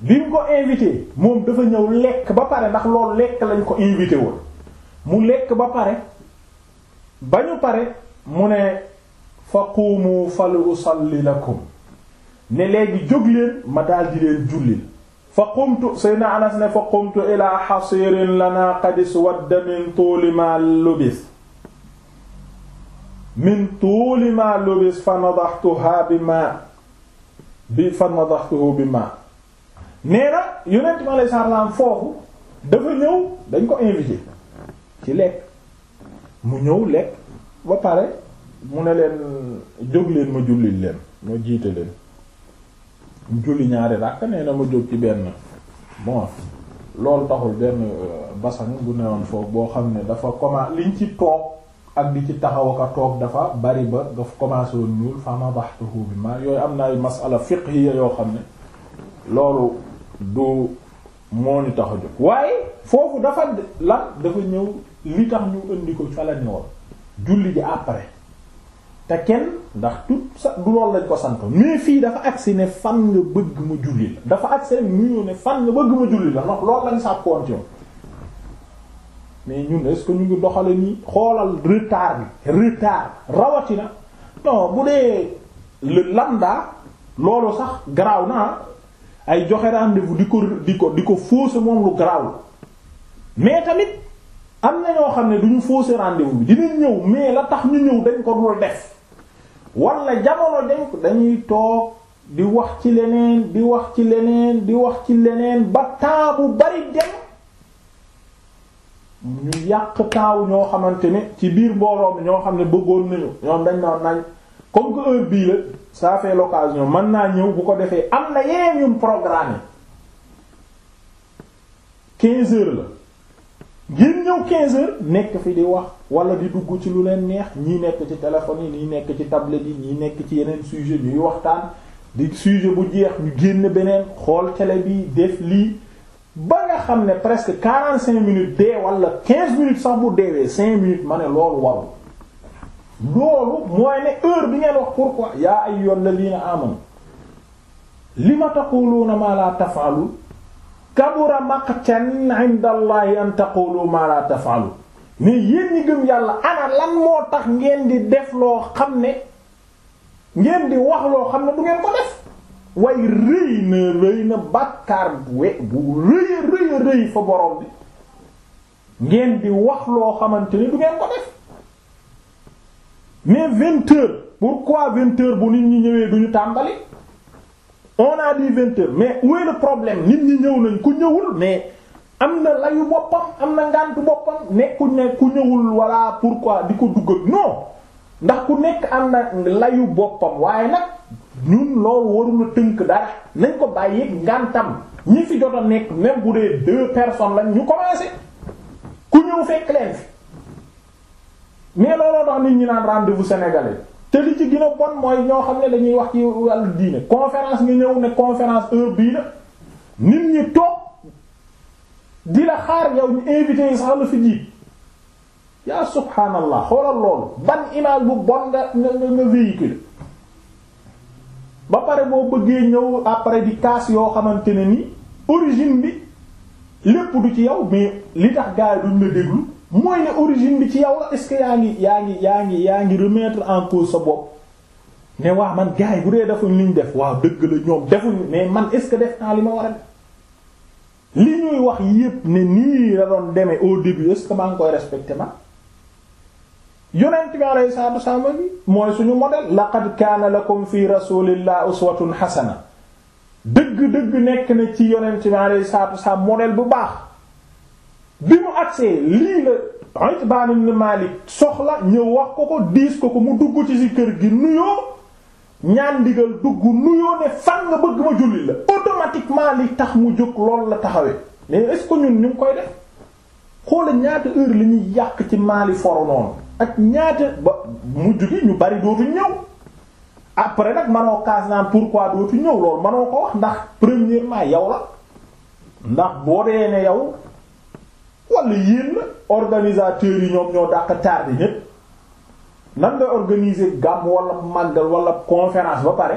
bi mu ko invité moom dafa ñëw lekk ba pare ndax loolu lekk lañ ko invité woon mu lekk ba pare ba ñu pare mu ne faqumu fal usalli lakum ne léegi jóg leen ma daldi leen jullil fa qumtu sayna anas ne fa qumtu ila xasiirin lana qadis wadda min tuuli ma lubis min tuuli ma lubis fa nadaxtuha bi ma bi fa nadaxtuhu bi ma nee na yonent ma lay sarlaam foofu dafa ñëw dañ ko invité ci lekk mu ñëw lekk ba pare mu ne leen jóg leen ma julli leen ma jiite leen julli ñaari ràkk nee na ma jóg ci benn bon loolu taxul benn euh, basan bu newoon foofu boo xam ne dafa commencé liñ ci toog ak di ci taxaw ak toog dafa bari ba nga commencé woon ñuul fama baxtuhu bi ma yooyu am na ay masala fiqhiya yoo xam ne loolu du moo ni tax a jóg waaye foofu dafa lan dafa ñëw li tax ñu indi ko ca la ñëwoon julli ji après te kenn ndax tout sa du loolu lañ ko santo mais fii dafa agsi ne fan nga bëgg ma julli la dafa agsi rek ñu ne fan nga bëgg ma julli la ndax loolu lañ sàppoon ci mais ñun est-ce que ñu ngi doxale nii xoolal retard bi retard rawatina non bu dee le lambda loolu sax garaaw na ay joxe rendez di ko di ko di ko fausser moom lu garaaw mais tamit am na ñoo xam ne du ñu fausser rendez bi dinañ ñëw mais la tax ñu ñëw dañ ko dul def wala jamono dañ dañuy toog di wax ci leneen di wax ci leneen di wax ci leneen ba temps bari dem ñu yàq taaw ñoo xamante ne ci biir mbooloo ñoo xam ne bëggoon nañu ñoom dañ naan nañ comme que heure bii la ça fait l'occasion mën naa ñëw bu ko defee am na yeneen ñum programme 15 heures la ngeen ñëw quinze heures nekk fi di wax wala di dugg ci lu leen neex ñii nekk ci téléphone yi ñii nekk ci tablette yi ñii nekk ci yeneen sujet ñuy waxtaan di sujet bu jeex ñu génn beneen xool cele bi def lii ba nga xam ne presque cinq minutes dee wala 15 minutes sax bu deewee 5 minutes ma ne loolu warul loolu mooy ne heure bi ngeen wax pourquoi yaa ayyuhal ladina amanu lima taquluna ma la taf'alun kabura maqtan inda allahi an ne yéen ñi yàlla ana moo tax ngeen di def loo xam ne ngeen di wax loo xam ne du ngeen ko def way rëy na rëy na bàkkaar bu wax loo xamante ni du ngeen ko def mais vingt nit ñi ñëwee duñu tàmbali moo a dit mais où est problème nit ñi ñëw nañ ku ñëwul mais am na layu boppam am na ngàntu boppam nekkuñ ne ku ñëwul voilà pourquoi di ko dugg non ndax ku nekk am na layu boppam waaye nag ñun loolu warula tënk daal nañ ko bàyyi ngàntam ñi fi jot a nekk même bu dee deux personnes lañ ñu commencé ku ñëw fekk leen fi mais looloo tax nit ñi naan rendez-vous te li ci gën a bon mooy ñoo xam ne dañuy wax ci wàllu diine conférence nga ñëw ne conférence heure bii la nit ñi toog di la xaar yow ñu invité yi sax la fi yaa subhaanallah xoolal loolu ban ilaal bu bon nga nga nga véhiculé ba pare boo bëggee ñëw après di kaas yoo xamante ne ni origine bi lépp du ci yow mais li tax gaay du la déglu mooy ne origine bi ci yow la est yaa ngi yaa ngi yaa ngi yaa en cause sa bopp ne waa man gars bu dee defuñ liñ def waaw dëgg la ñoom defuñu mais man est-ce que def naa li ma war a li ñuy wax yépp ne nii la doon demee au début est maa ngi koy respecté ma yonent bi alayhi salaatu wassalaam mooy suñu modèle laqad kaana lakum fi rasulillahi uswatun hasana dëgg-dëgg nekk na ci yonent bi alayhi salaatu wassalaam modèle bu baax bi mu agsee lii la Itbaan ibn Maalik soxla ñëw wax ko ko diis ko ko mu dugg ci si kër gi nuyoo ñaan ndigal dugg nuyoo ne fan nga bëgg ma julli la automatiquement li tax mu jóg lool la taxawee mais est-ce que ñun ñu ngi koy def xoola ñaata heure li ñuy yàq ci maali foro noonu ak ñaata ba mujj gi ñu bari dootu ñëw après nag manoo kaas naan pourquoi dootu ñëw loolu manoo ko wax ndax premièrement yow la ndax boo dee ne yow wala yéen organisateurs yi ñoom ñoo dàq tardé ñépp nan nga organiser gàmm wala màggal wala conférence ba pare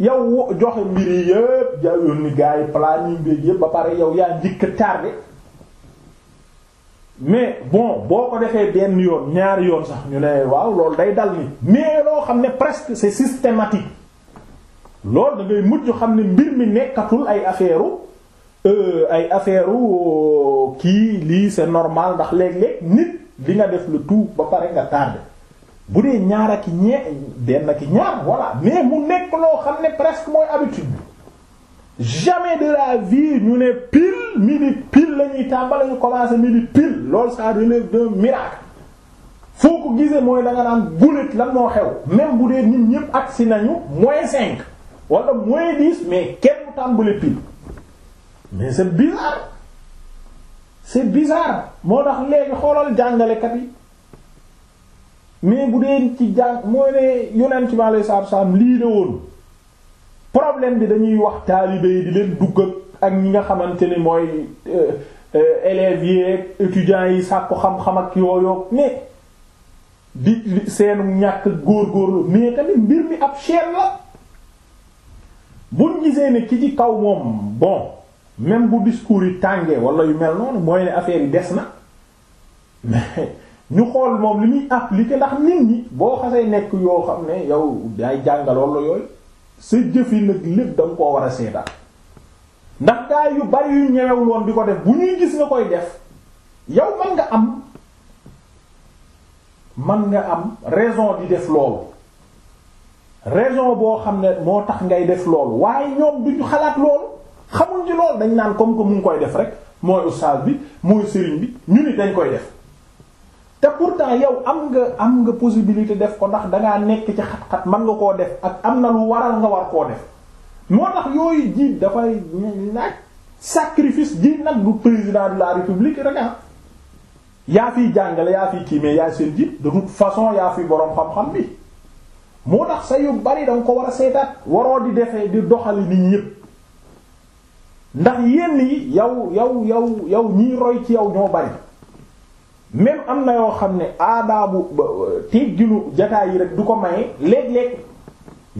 yow joxe mbir yi yépp ja yoon ni gars yi planning bi yépp ba pare yow yaa njëkk tardé mais bon boo ko defee benn yoon ñaari yoon sax ñu ne waaw loolu day dal ni mais loo xam ne presque c'est systématique loolu da ngay mujj xam ne mbir mi nekkatul ay affaire Euh, ay affaire euh, kii lii c'est normal ndax léeg-léeg nit di nga def lu tout ba pare nga tardé bu dee ñaar ak ñe benn ak ñaar voilà mais mu nekk loo xam ne presque mooy habitude bi jamais de la vie ñu ne pile midi pile la ñuy tàmbali ñu commencé midi pile lool ça relève d'un miracle foo ko gisee mooy da nga naan gulit lan moo xew même bu dee nit ñëpp agsi nañu moins cinq wala moins dix mais kenn tàmbali pile. mais c'est bizarre c'est bizarre moo tax léegi xoolal jàngalekat yi mais bu dee ci jàng mooy ne yonent bi alayhi salaatu salaam lii la woon problème bi dañuy wax taalibe yi di leen dugg ak ñi nga xamante ni mooy euh, euh, élèves yi ak yi sàkku xam-xam ak yooyu mais di seenu ñàkk góorgóorlu mais tamit mbir mi ab chaîne la buñ gisee ne ki ci kaw moom bon. même bu discours yi tàngee wala yu mel noonu mooy ne affaire yi des na ñu xool moom li muy appliquer ndax nit ñi boo xasee nekk yoo xam ne yow day jàngaloon la yooyu sa jëf yi nag lépp da nga koo war a seetaan ndax gaay yu bari yu ñewewul woon di ko def bu ñuy gis nga koy def yow man nga am man nga am raison di def loolu raison boo xam ne moo tax ngay def loolu waaye ñoom duñu xalaat loolu xamuñ ci loolu dañ naan comme que mu ngi koy def rek mooy ustaas bi mooy sëriñ bi ñu ni dañ koy def te temps yow am nga am nga possibilité def ko ndax dangaa nekk ci xat-xat mën nga koo def ak am na lu waral nga war koo def moo tax yooyu jiit dafay naaj sacrifice di nag du président de la république rek ah yaa fiy jàngale yaa fiy kii mais yaa seen jiit de toute façon yaa fi boroom xam-xam bi moo tax sa yu bari da ko war a seetaat waroo di defee di doxali nit ñépp ndax yenn yi yow yow yow yow ñiy roy ci yow ñoo bari même am na yoo xam ne aadaabu tegginu jataay yi rek du ko maye léeg-léeg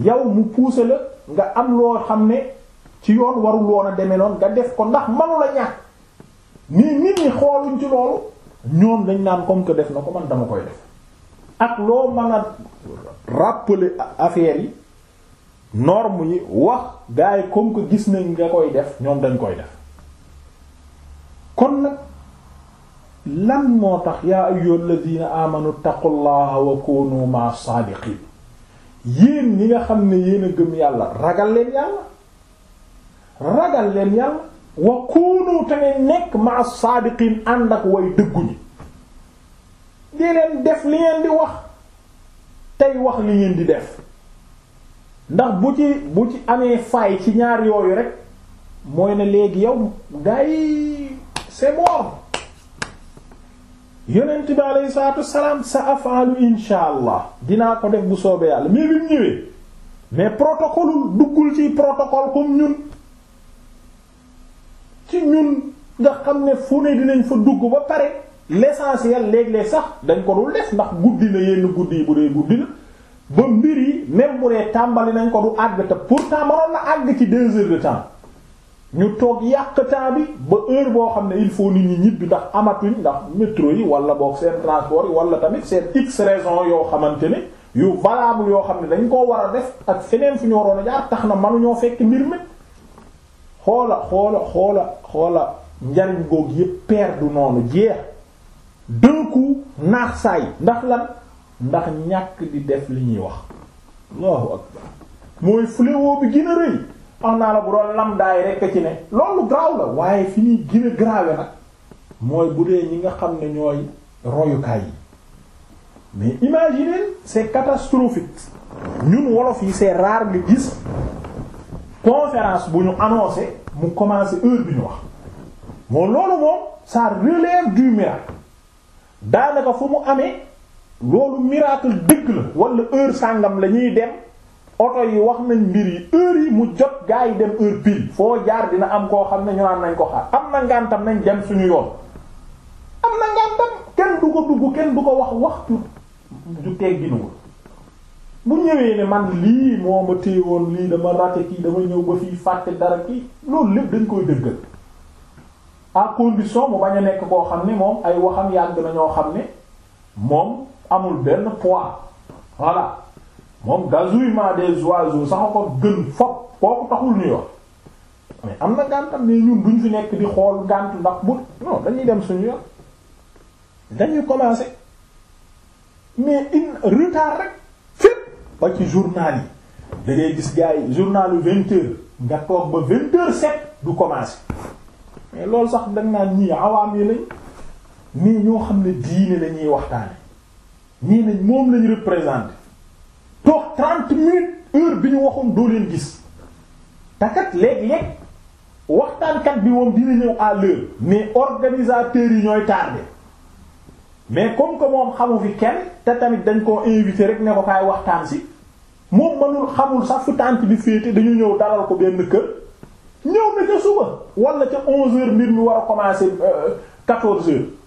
yow mu pousser la nga am loo xam ne ci yoon warul woon a demee noonu nga def ko ndax manu la ñàkk nii nit ñi xooluñ ci loolu ñoom dañ naan comme que def na ko man dama koy def ak loo mën a rappeler affaire yi norme yi wax gars yi comme que gis nañ nga koy def ñoom dañ koy def kon nag lan moo tax yaa ayyuhal ladina amanu taqullaha wa kunu ma saadiqin yéen ñi nga xam ne yéen a gëm yàlla ragal leen yàlla ragal leen yàlla wa kunu te nekk ma saadiqin ànd ak way dëgguñi di leen def li ngeen di wax tey wax li ngeen di def ndax bu ci bu ci amee faay ci ñaar yooyu rek mooy ne léegi yow gars yi c'est mort yonent bi sa afaalu insha allah dinaa ko def bu soobee yàlla mais bi ñëwee mais protocole duggul ci protocole comme ñun ci ñun nga xam ne fu ne dinañ fa dugg ba pare l'essentiel léeg-léeg sax dañ ko dul def ndax guddi na yenn guddi yi bu dee guddi na ba mbir yi même bu tàmbali nañ ko du àgg te pourtant mënoon la àgg ci deux heures de temps ñu toog yàq temps bi ba heure boo xam ne il faut nit ñi ñibbi ndax amatuñ ndax métro yi wala boog seen transport yi wala tamit seen x raison yoo xamante ne yu valable yoo xam ne dañ koo war a def ak feneen fu ñu waroon a jaar tax na mënuñoo fekk mbir mi xoola xoola xoola njariñ goog yëpp perdu noonu jeex d'un coup naax saay ndax lan. ndax ñàkk di def li ñuy wax allahu akbar mooy fléau bi gën rëy am naa la bu doon lamdaay rekk ci ne loolu garaaw la waaye fi ñuy gën a nag mooy bu dee ñi nga xam ne ñooy royukaay yi mais imaginez c'est catastrophique ñun wolof yi c'est rare nga gis conférence bu ñu annoncé mu commencé heure bi ñu wax moom loolu moom ça relève du miracle daanaka fu mu amee loolu miracle dëgg la wala heure sàngam lañuy dem oto yi wax nañ mbir yi heure yi mu jot gaa yi dem heure pile foo jaar dina am koo xam ne ñu naan nañ ko xaar am na ngantam nañ dem suñu yoon am na ngantam kenn ko dugg kenn du ko wax waxtu ju tegginuwul bu ñëwee ne man lii moo ma téyewoon lii dama raté kii dama ñëw ba fii fàtte dara kii loolu lépp dañ koy dëggal à condition mu bañ a nekk koo xam ne moom ay waxam yàgg na xam ne moom amul benn poids voilà moom gazouillement des oiseaux sax ko gën fop kooku taxul ñuy wax mais am na gàntam ne ñun duñ fi nekk di xool gànt ndax bu non dañuy dem suñu yoon dañuy commencer mais in retard rek fépp ba ci journal yi da ngay gis gars nga toog ba vingt heures du commencer mais loolu sax da nga naan ñii awaam yi lañ nii ñoo xam ne diine la ñuy waxtaane ñii nañ moom lañu représent toog trente minutes heure bi ñu waxoon doo leen gis takat léeg-léeg waxtaankat bi moom dina ñëw à l'heure mais organisateurs yi ñooy tardé mais comme que moom xamu fi kenn te tamit dañ koo invité rek ne ko kaay waxtaan si moom mënul xamul sax fu tànt bi féete dañu ñëw dalal ko benn kër ñëw na ca suba wala ca onze heures mbir mi war a commencer euh, quatorze heures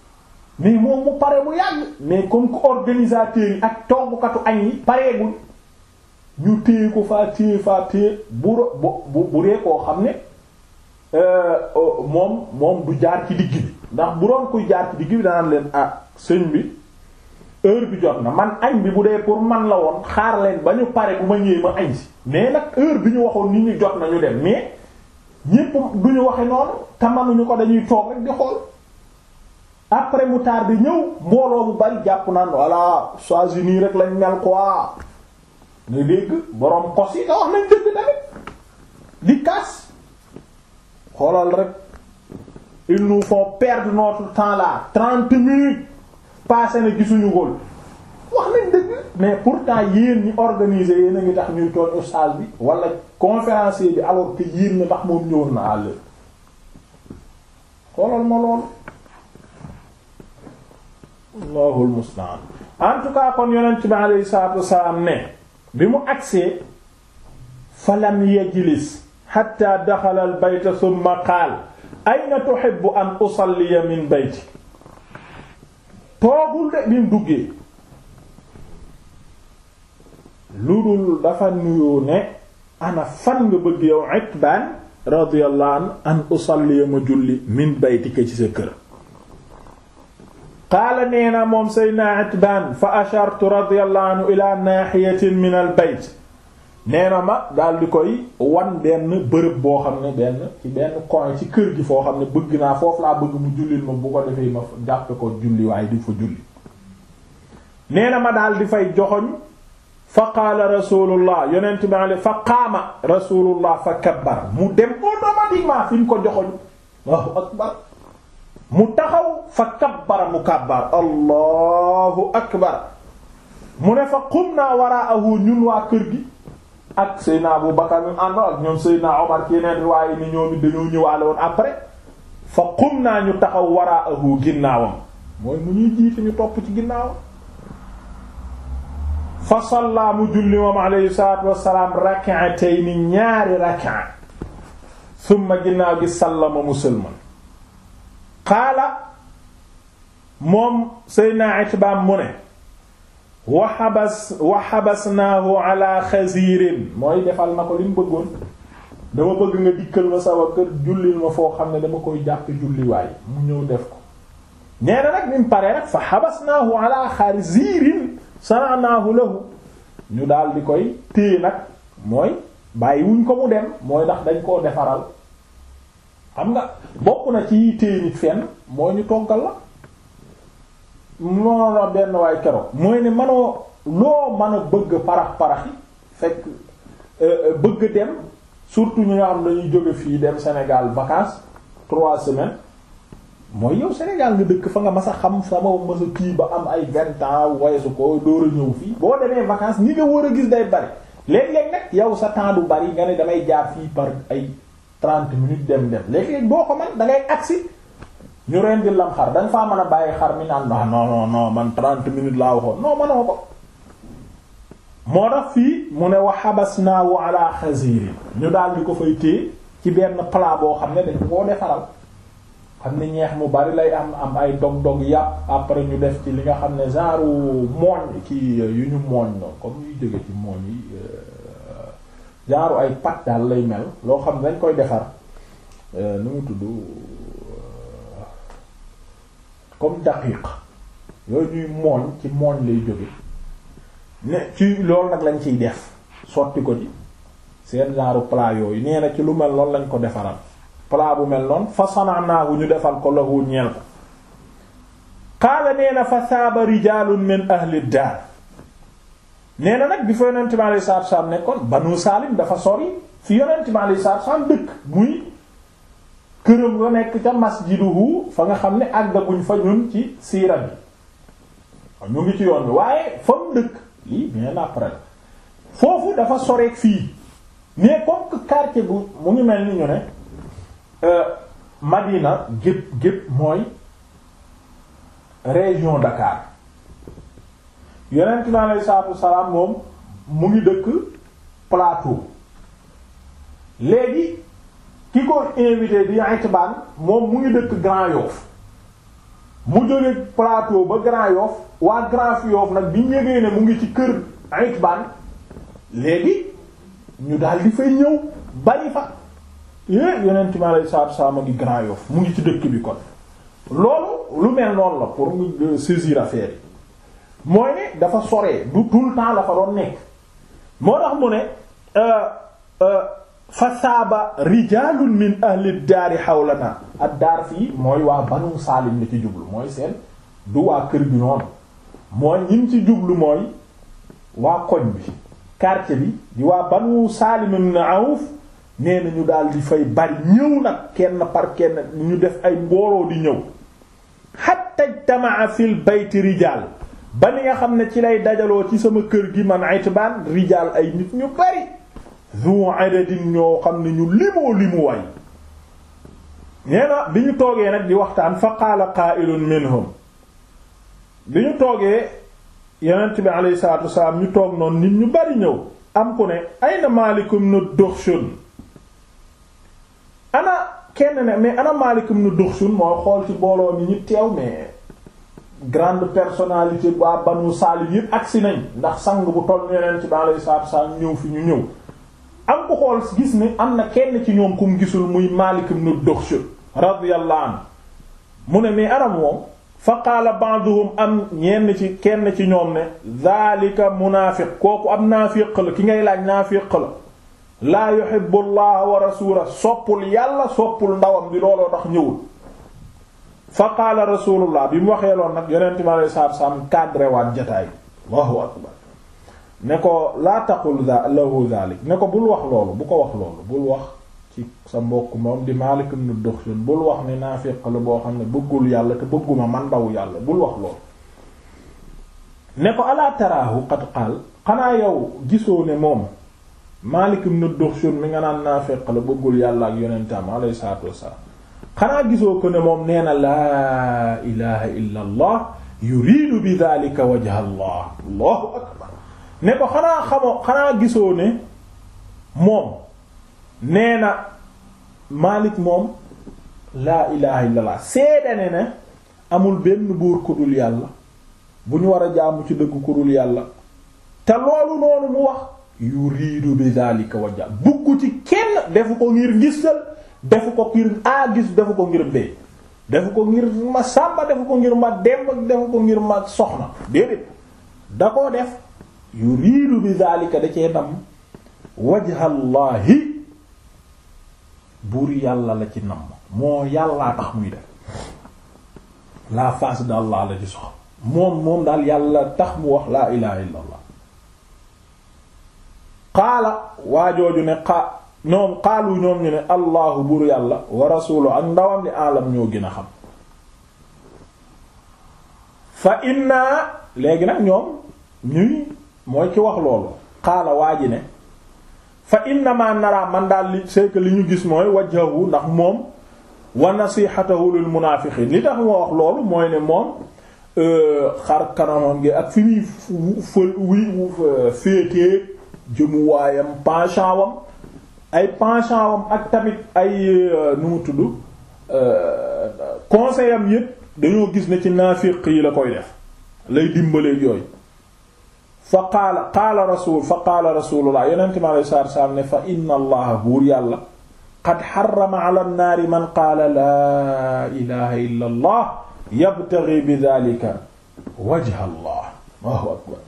mais moom mu pare bu yàgg mais comme que organisateurs yi ak toggkatu añ yi pareegul ñu téye ko faa téye faa téye bu bu bu dee koo xam ne euh, euh, moom moom bu jaar ci digg bi ndax bu koy jaar ci digg bi danaan leen ah sëñ bi heure bi jot na man añ bi bu dee pour man la woon xaar leen ba ñu pare bu ma ñëwee ma añ si mais nag heure bi ñu waxoon nit ñu jot na ñu dem mais ñépp duñu waxe noonu te manuñu ko dañuy toog rek di xool après mu bi ñëw mbooloo bu bari jàpp naan voilà choisi nii rek lañ mel koi nga dégg borom kos yi nga wax nañ dëgg tamit di kaas xoolal rek ils nous font perdre notre temps là trente minutes passé na gisuñu góol wax nañ dëgg mais pourtant yéen ñi organiser yéen a ngi tax ñuy tooñ ustaas bi wala conférencier bi alors que yéen na tax moom ñëwoon na à xoolal ma loolu allahul musta'an en tout cas kon yonent bi alayhi salaatu wasalaam ne bi mu agsee fa lam yajlis hatta daxala al bayta thumma ayna tuhibbu an usalliya min bayti toogul de bi duggee lu dul dafa nuyoo ne ana fan nga bëgg yow Itbaan radiyallahu an an usalliya ma julli min baytika ci sa kër qaala nee na moom seydna itbaan fa ashartu radiyallahu anhu ila naaxiyatin min al bayt ma daal di koy wan benn bërëb boo xam ne benn ci benn coin ci kër gi foo xam ne bëgg naa foofu laa bëgg mu jullil ma bu ko defee ma jàppe ko julli waaye di fa julli nee ma daal di fay joxoñ fa qaala rasulullah yonent bi fa qaama rasulullah fa kabbara mu dem automatiquement fi ñu ko joxoñ waaw akbar mu taxaw fa kabbara mu kabbar allahu akbar mu ne fa qumna waraahu ñun waa kër gi ak Seydina Abu Bakar ñu àndoo ak ñoom Seydina Omar ci yeneen riwaay ni ñoom it dañoo ñëwaale woon après fa qumna ñu taxaw waraahu ginnaawam mooy mu ñuy jiite ñu topp ci ginnaawam fa salla mu julli moom alayhi salaatu wassalaam rak'atayn ñaari rak'a summa ginnaaw gi sallama musulman qaala moom Seydina Itbaam mu ne wa habas wa xaziirin mooy defal na ko li mu bëggoon dama bëgg nga dikkal ma sawa kër jullil ma foo xam ne dama koy jàpp julliwaay mu ñëw def ko nee na nag nim paree nag fa habasnaahu ala xaziirin sana'naahu lahu ñu daal di koy téye nag mooy bàyyi wuñ ko mu dem mooy ndax dañ koo defaral xam nga bokk na ci téye nit fenn moo ñu tonkal la moo la benn waay keroog mooy ne manoo loo man a bëgg parax paraxi fekk euh, euh, bëgg dem surtout ñu nga xam dañuy jóge fii dem Sénégal vacances trois semaines mooy yow Sénégal nga dëkk fa nga ma sa xam sama mas a kii ba am ay vingt ans weesu ko door a ñëw fii boo demee vacances ni nga war a gis day bari léeg-léeg nag yow sa temps du bari nga ne damay jaar fii par ay 30 minutes dem dem léegi léeg boo ko man da ngay agsi ñu rendi lam xar da nga faa mën a bàyyi xar mi naan ah, non non non man 30 minutes laa waxoon non manoo ko moo tax fii mu ne wa habasnaahu ala xazirin ñu daal di ko fay téye ci benn plat boo xam ne dañ koo defaral xam ne ñeex mu bari lay am am ay dog-dog yàpp après ñu def ci li nga xam ne genre mooñ ki yu ñu mooñ noonu comme yuy jóge ci mooñ yi euh, jaaru ay pat daal lay mel loo xam ne dañ koy defar euh, nu mu tudd euh, comme daqiq yooyu ñuy mooñ ci mooñ lay jóge ne ci loolu nag lañ ciy def sotti ko ci seen jaaru plat yooyu nee na ci lu mel noonu lañ ko defaral plat bu mel noonu fa sananaahu ñu defal ko lahu ñeel ko qaala nee na fa saaba rijaalun min ahli daar nee na nag bi fa yonent bi alayhi salaatu salaam nekkoon banu Salim dafa sori fi yonent bi alayhi salaatu salaam dëkk muy këram nga nekk ca masjiduhu fa nga xam ne àggaguñ fa ñun ci siira bi ñu ngi ci yoon bi waaye fa mu dëkk lii bien après la foofu dafa soreeg fii mais comme que bu mu ngi mel ni ñu ne euh, Madina gépp gépp mooy région Dakar yeneen bi aleyhi salaatu moom mu ngi dëkk plateau léegi ki ko invité di Itbaan moom mu ngi dëkk Grand Yoff mu jóge plateau ba Grand Yoff waa Grand Yoff nag bi ñu mu ngi ci kër Itbaan léegi ñu daal di fay ñëw bari fa yé yeneen bi aleyhi salaatu wasalaam a ngi Grand Yoff mu ngi ci dëkk bi kon loolu lu mel noonu la pour nga saisir affaire mooy ne dafa soree du tout le la fa doon nekk moo tax mu ne euh, euh, fa saaba min ahli daari xawlana ad daar fii mooy waa banu saalim ni ci jublu mooy seen du waa ci jublu mooy waa koñ bi quartier bi di waa banu saalim ibn auf nee na ñu daal di fay bari ñëw nag kenn par kenn ñu def ay mbooloo di ñëw hatta ijtama'a fil bayti rijal ba ni nga xam ne ci lay dajaloo ci sama kër gi man itbaan rijaal ay nit ñu bari zu adadin ñoo xam ne ñu limoo limu way nee bi ñu toogee nag di waxtaan fa qaala qaa'ilun minhum bi ñu toogee yonent bi alayhi salaatu wasalaam ñu toog noonu nit ñu bari ñëw am ku ne ayna maalikum nu duxshun ana kenn ne mais ana maalikum nu duxshun moo xool ci booloo mi ñu teew mais grande personnalité ba banu saalim yëpp agsi nañ ndax sang bu toll yeneen ci daal saatu saalim ñëw fi ñu ñëw am ko xool gis ni am na kenn ci ñoom kum gisul muy Maalik ibn Dukhshul radiyallahu anhu mu ne mais aram moom fa qaala ba'duhum am ñenn ci kenn ci ñoom ne zaalika munaafiq kooku am naafiq la ki ngay laaj naafiq la laa yuhibbu allaha wa rasulahu soppul yàlla soppul ndawam bi looloo tax ñëwul fa qaala rasulullah bi mu waxee loon nag yonent mi alei saatu salaam cadre waat jataay allahu akbar ne ko laa taqul lahu zalik ne ko bul wax loolu bu ko wax loolu bul wax ci sa mbokk moom di Maalik ibn Duxshin bul wax ne naafiq la boo xam ne bëggul yàlla te bëgguma man ndaw yàlla bul wax loolu ne ko alaa taraahu qad qaal xanaa yow gisoo ne moom Maalik ibn Duxshin mi nga naan naafiq la bëggul yàlla ak yonentam alayhi salaatu wassalaam xanaa gisoo ko ne moom nee na laa ilaha illa allah bi dhalika wajha allah allahu akbar ne ko xanaa xamoo xanaa gisoo ne moom nee na Maalik moom laa ilaha illa allah seedane ne amul benn buur ku dul yàlla bu ñu war a jaamu ci dëgg ku dul yàlla te loolu noonu mu wax yuridu bi dhalika wajha bugg kenn defu ko ngir ngisal defu ko ngir A gis defu ko ngir defu ko ngir ma sàmba defu ko ngir ma demb defu ko ngir ma soxna déedéet da koo def yuriidu bi zalika da cee nam wajhallahi buur yàlla la ci nam moo yàllaa tax muy def la face d'Allah la ci soxla moom moom daal yàlla tax mu wax laa ilaha illa allah qaala waajooju ne qa ñoom xaalu ñoom ñu ne allahu buur yàlla wa rasulu ak ndawam li alam ñoo gën a xam fa inna léegi nag ñoom ñuy mooy ci wax loolu xaala waa ji ne fa inna ma nara man daal li c'est li ñu gis mooy wajhahu ndax moom wa nasihatahu lil munaafiqiin li tax moo wax loolu mooy ne moom euh, xar kanamam gi ak fi muy fël wi féetee jëmuwaayam wam ay penchant wam ak tamit ay euh, nu mu tudd euh, conseil am yépp dañoo gis ne ci naafiq yi la koy def lay dimbaleeg yooyu fa qaala qaala rasul fa qaala rasulullah yonente mi alei satu salaam ne fa inna allaha buur yàlla qad xarama ala nnaari man qaala laa ilaha illa allah yabtaghi bi dhalika wajha allah allahu akbar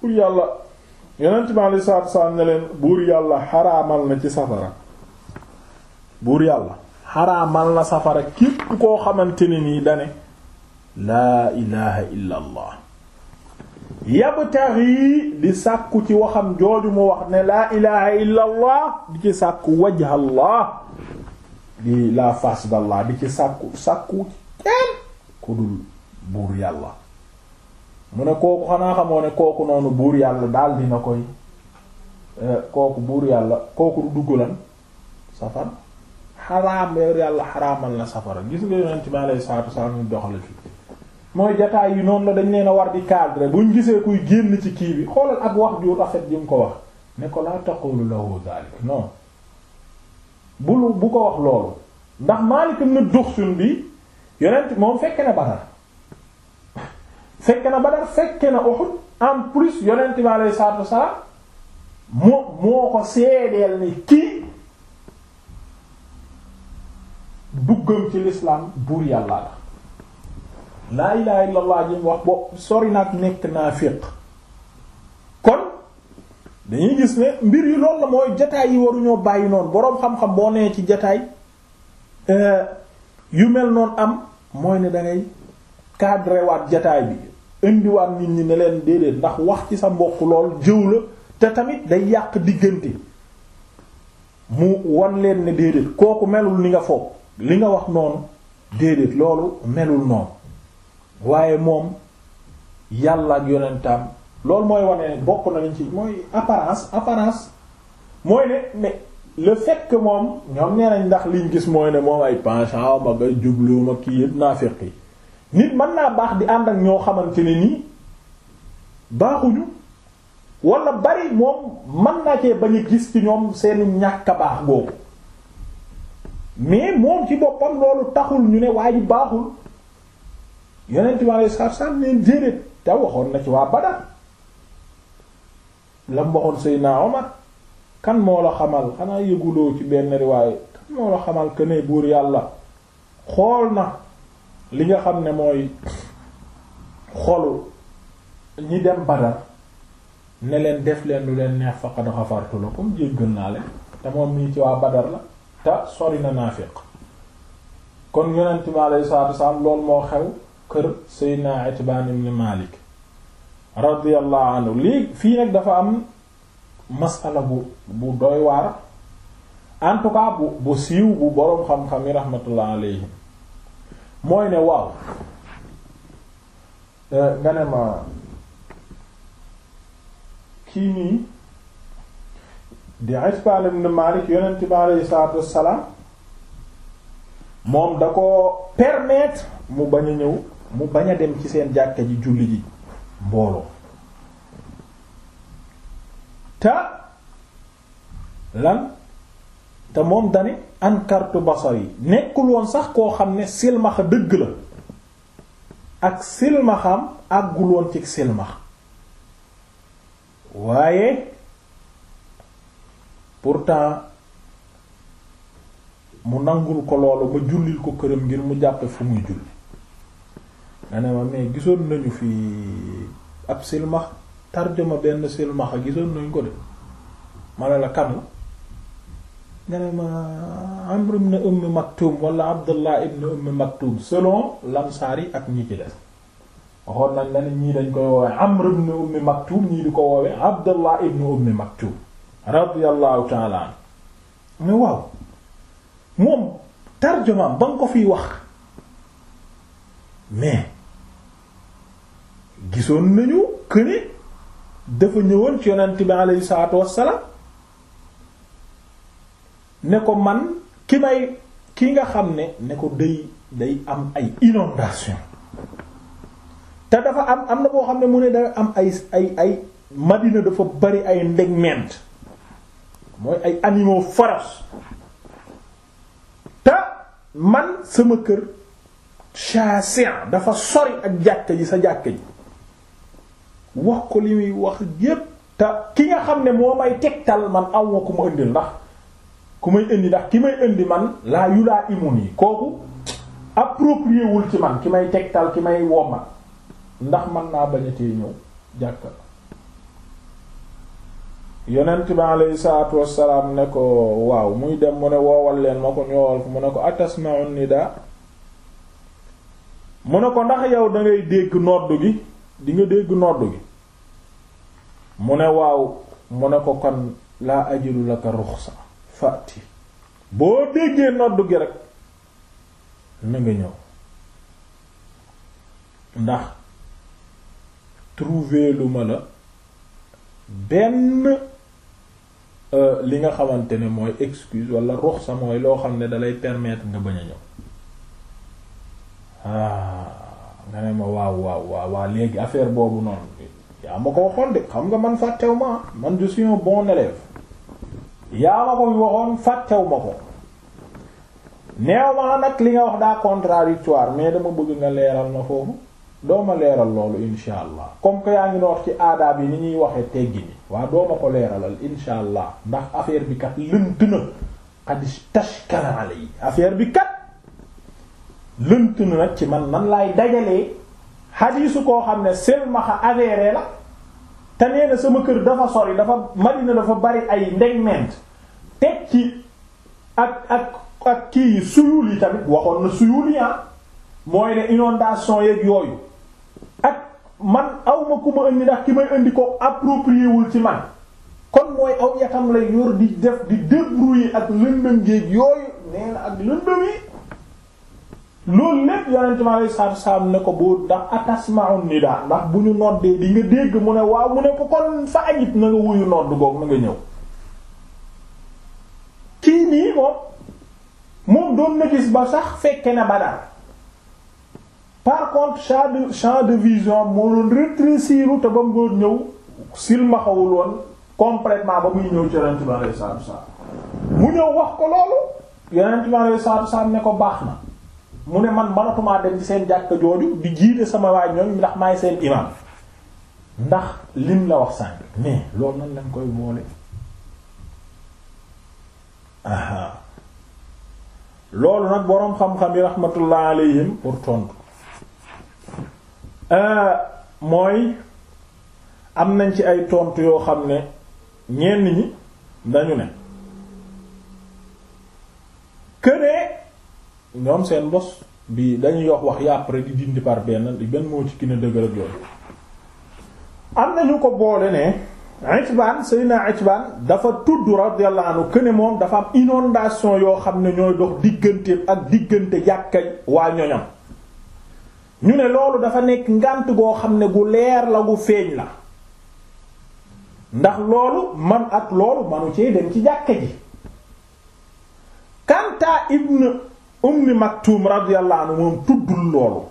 buur yàlla yonent a alei salatu salaam ne leen buur yàlla xaraamal na ci safara buur yàlla xaraamal na safara képp koo xamante ne nii dane laa ilaha illa allah yabtaxi di sàkku ci waxam jooju mu wax ne laa ilaha illa di ci sàkku wajha allah di la face di ci sàkku sàkku kenn ku dul buur yàlla mu ne kooku xanaa xamoo ne kooku noonu buur yàlla daal dina koy eh, kooku buur yàlla kooku du dugg lan safar xaraam yor yàlla xaraamal na safara gis nga yonent bi alayhi salaatu wassalaam ñu doxale yi noonu la dañ leen a war di cadre buñ gisee kuy génn ci kii bi xoolal ak wax ju rafet ji mu ko wax ne ko laa taqulu lahu zalik non bul bu ko wax loolu ndax Maalik ibn Duxsun bi yonent moom fekk na Badar fekke na ba Badar fekke na Uhud en plus yonent bi alayhi salaatu wassalaam moo moo ko seedeel ni kii duggam ci lislaam buur yàlla la laa ilaha illallah ji mu wax bo sori nekk naafiq kon dañuy gis ne mbir yu loolu la mooy jataay yi waruñoo bàyyi noonu boroom xam-xam boo nee ci jataay euh, yu mel noonu am mooy ne da ngay jataay bi indiwaat nit ñi ne leen déedéet ndax wax ci sa mbokk lool jëw la te tamit day yàq diggante mu wan leen ne déedéet kooku melul ni nga foog li nga wax noonu déedéet loolu melul noonu waaye moom yàlla ak yonentam loolu mooy wane bokk na lañ ci mooy apparence apparence mooy ne mais le fait moom ñoom nee ndax liñ gis mooy ne moom ay penchant ma nga jubloo kii yëpp naa fekk yi nit mën naa baax di ànd ak ñoo xamante ne nii baaxuñu wala bari moom mën naa cee bañ a gis ci ñoom seenu ñàkk a baax googu mais moom ci boppam loolu taxul ñu ne waa ji baaxul yeneen ci wàllu saabsaab leen déedéet te waxoon na ci waa Badar la mu waxoon Seydina Omar kan moo la xamal xanaa yëguloo ci benn riwaay kan moo la xamal que buur yàlla xool na. li nga xam ne mooy xolu ñi dem Badar ne leen def leen lu leen neex faqad xafartu lakum jéggal naa leen te moom mii ci waa Badar la te sori na kon yonent bi alayhi salaatu wasalaam loolu moo xew kër naa Itbaan ibn Maalik radiyallahu anhu lii fii nag dafa am masala bu bu doy waar en bu bu siiw bu boroom xam-xam yi rahmatullah alayhim mooy ne waaw eh, nga ne ma kii nii di Itbaan ibn Maalik yonent bi aleyhi salaatu wassalaam moom da ko permettre mu bañ a ñëw mu bañ a dem ci seen jàkka ji julli ji mbooloo te lan te moom dani ankartu basar yi nekkul woon sax koo xam ne silmaxa dëgg la ak silmaxam àggul woon ci silmax waaye pourtant mu nangul ko loolu ba jullil ko këram ngir mu jàppe fu muy julli nga ne ma mais gisoon nañu fi ab silmax tarjuma benn silmaxa gisoon nañu ko de ma la kan nga ne ma Amr ibn Umm Maktum Abdullah ibn Umm Maktum selon ak ñi ci des waxoon nañ la ne ñii dañ koy woowee Amr ibn Umm ñii di ko woowee Abdullah ibn Umm Maktum radiyallahu mais waaw moom tarjumaam ba nga ko fiy wax mais gisoon nañu que dafa ñëwoon ci yonent bi alayhi salaatu wassalaam ne ko man ki may ki nga xam ne ne ko day day am ay inondation te dafa am am na koo xam ne mu ne da am ay ay ay Madina dafa bari ay ndegmeent mooy ay animaux féroces te man sama kër chasséen dafa sori ak jàkka ji sa jàkka ji wax ko li muy wax yépp te ki nga xam ne moom ay tegtal man aw ma ko ma ëndil ndax ku may indi ndax ki may indi man laa yu laa imun yi kooku approprié ci man ki may tegtal ki may wommat ndax man naa bañatee ñëw jàkka yonent bi alayhi salaatu wassalaam ne ko waaw muy dem mu ne woowal leen ma ko ñoowal ko mu ne ko atasma'u nidaa mu ne ko ndax yow dangay dégg noddu gi dinga dégg noddu gi mu ne waaw mu ne ko kon laa ajidu laka ruxsa fàtti boo déggee noddu gi rek na ñëw ndax trouver lu ma la benn euh, li nga xamante ne mooy excuse wala ruxsa mooy loo xam ne dalay permettre nga bañ a ñëw ah, nga ne ma waaw waaw waaw waaw léegi affaire boobu noonu yaa ma ko waxoon xam nga man fàttew ma man je suis un bon élève yaa ma ko waxoon fàttewu ma ko neew ma nag li nga wax daa contradictoire mais dama bëgg nga leeral ma foofu dooma leeral loolu insha allah comme que yaa ngi na wax ci aadaab yi ni ñuy waxee teggi ni waa dooma ko leeralal insha ndax affaire bi kat lënt na xadis tashkala alay affaire bi kat lënt na nag ci man man lay dajalee xadisu koo xam ne selmaxa avéré la te nee sama kër dafa sori dafa Madina dafa bari ay ndegmeent teg ci ak ak ak kii suyul yi tamit waxoon na suyul yi ah. mooy ne inondation yeeg yooyu ak man awma ku ma indi ndax ki may indi ko approprié wul ci man kon mooy aw yatam lay yor di def di yi ak lëndëm yooyu nee ak lëndëm loolu lépp yonent mi alayhi salaatu salaam ne ko bu ndax atasma'un nidaa ndax bu ñu noddee di dégg mu ne waaw mu ne ko kon fa ajib na nga wuyu nodd goog na nga ñëw kii nii moom moom doon na ba sax fekke na Badar par contre champ de vision moo doon rétrécir te ba mu doon ñëw silmaxawul woon complètement ba muy ñëw ci yonent mi alayhi salaatu mu ñëw wax ko loolu yonent mi alayhi salaatu salaam ko baax na mu ne man manatumaa dem ci seen jàkka jooju di jiite sama waay ñoom ndax maay seen imam ndax lim la wax sànq mais loolu lañ koy boole aha loolu nag boroom xam-xam yi rahmatullah alayhim pour tontu euh, mooy am nañ ci ay tontu yoo xam ne ñenn ñi dañu ne këne ñoom seen bos bii dañuy yox wax ya après di dindi par benn benn moo ci gën a dëgër ak yooyu am nañu ko boole ne Itbaan Seydina Itbaan dafa tudd radiyallahu anhu que moom dafa am yoo xam ne ñooy dox digganteel ak diggante jàkka waa ñoñam ñu ne loolu dafa nekk ngànt goo xam ne gu leer la gu feeñ la ndax loolu man ak loolu manu cee dem ci jàkka ji Kanta ibn ummi maktuum radiyallahu anha moom tuddul loolu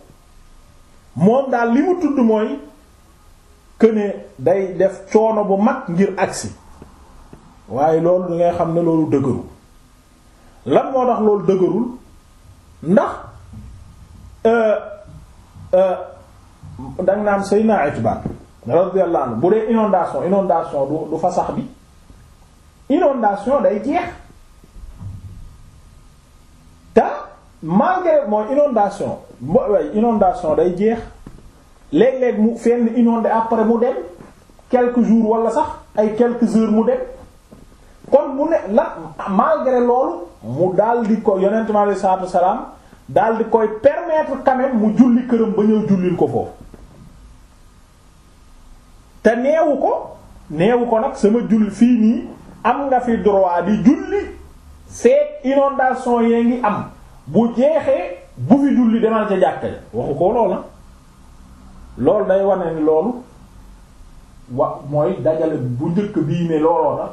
moom daal li mu tudd mooy këne day def coono bu mag ngir agsi waaye loolu da xam ne loolu dëgërul lan moo tax loolu dëgërul ndax euh, euh, danga naan say naa itbaan radiyallahu anhu bu dee inondation inondation du fa sax bi inondation day jeex malgré mooy inondation mooy inondation day jeex léeg-léeg mu fenn inondé après mu dem quelque jours wala sax ay quelques heures mu dem kon mu ne la malgré loolu mu daal di ko yonent mi salaatu salaam daal di koy permettre quand même mu julli këram ba ñëw jullil ko foofu te neewu ko neewu ko nag sama julli fii nii am nga fi droit di julli seet inondation yee ngi am bu jeexee bu fi julli demal ca jàkka ja waxu ko loola loolu day wane ni loolu wa mooy dajale bu njëkk bii ne looloo na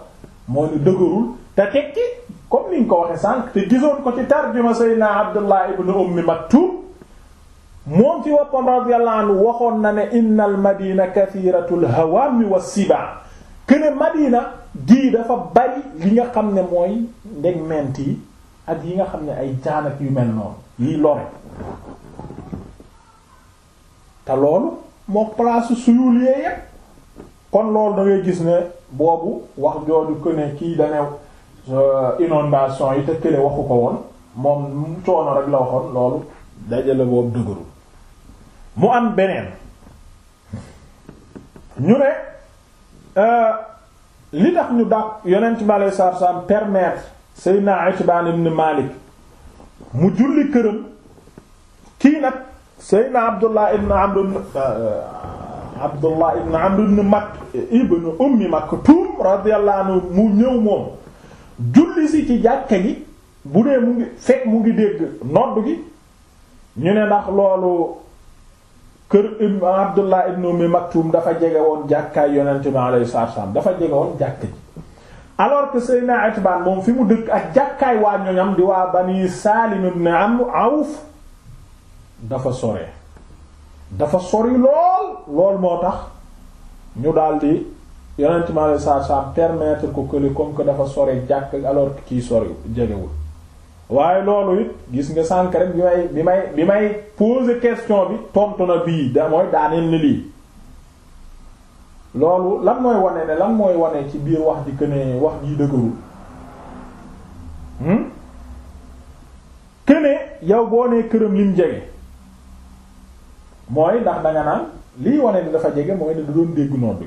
mooy ne dëgërul te tekki comme niñ ko waxe sànq te gisoon ko ci tarjuma Seydina Abdullah ibn Ummi Maktum moom ci woppam radiyallahu waxoon na ne innal madina kathiratul hawami wassiba kene madina gii dafa bari li nga xam ne mooy ndeg ment yi ak yi nga xam ne ay jaan ak yu mel noonu yiy lore te loolu moo place suyul yee yépp kon loolu da gis ne boobu wax jooju que ne kii danew euh, inondation yi te kële waxu ko woon moom coono rek la waxoon loolu dajale boobu dëgërul mu am beneen ñu ne euh, li tax ñu dàq yonent mi aleyhi salaatu wa salaam Seydina Itbaan ibn Malik mu julli këram kii nag Seydina Abdullah ibn Amr uh, Abdullah ibn Amr ibn Mak ibn Ummi Maktum radiyallahu mu ñëw moom julli si ci jàkka ji bu dee mu ngi fekk mu ngi dégg nodd gi ñu ne ndax loolu kër Abdullah ibn Ummi Maktum dafa jege woon jàkkaay yonent bi alayhi salaam dafa jege woon jàkka ji alors que Seydina Itbaan moom fi mu dëkk ak jàkkaay waa ñoñam di waa Bani Saalim ibn Amr Awf dafa sore dafa sori lool lool moo tax ñu daldi yonent ma alayhi salaatu salaam permettre ko kële comme que dafa sore jàkk alors que kii sori jegewul waaye loolu it gis nga sànk rek bi may bi may bi may poser question bi tontu na bii da daaneel ni lii loolu lan mooy wane ne lan mooy wane ci biir wax ji que wax ji dëgërul hmm? que ne yow boo nee këram lim jege mooy ndax danga naan lii wane ne dafa jege mooy ne du doon dégg nodd gi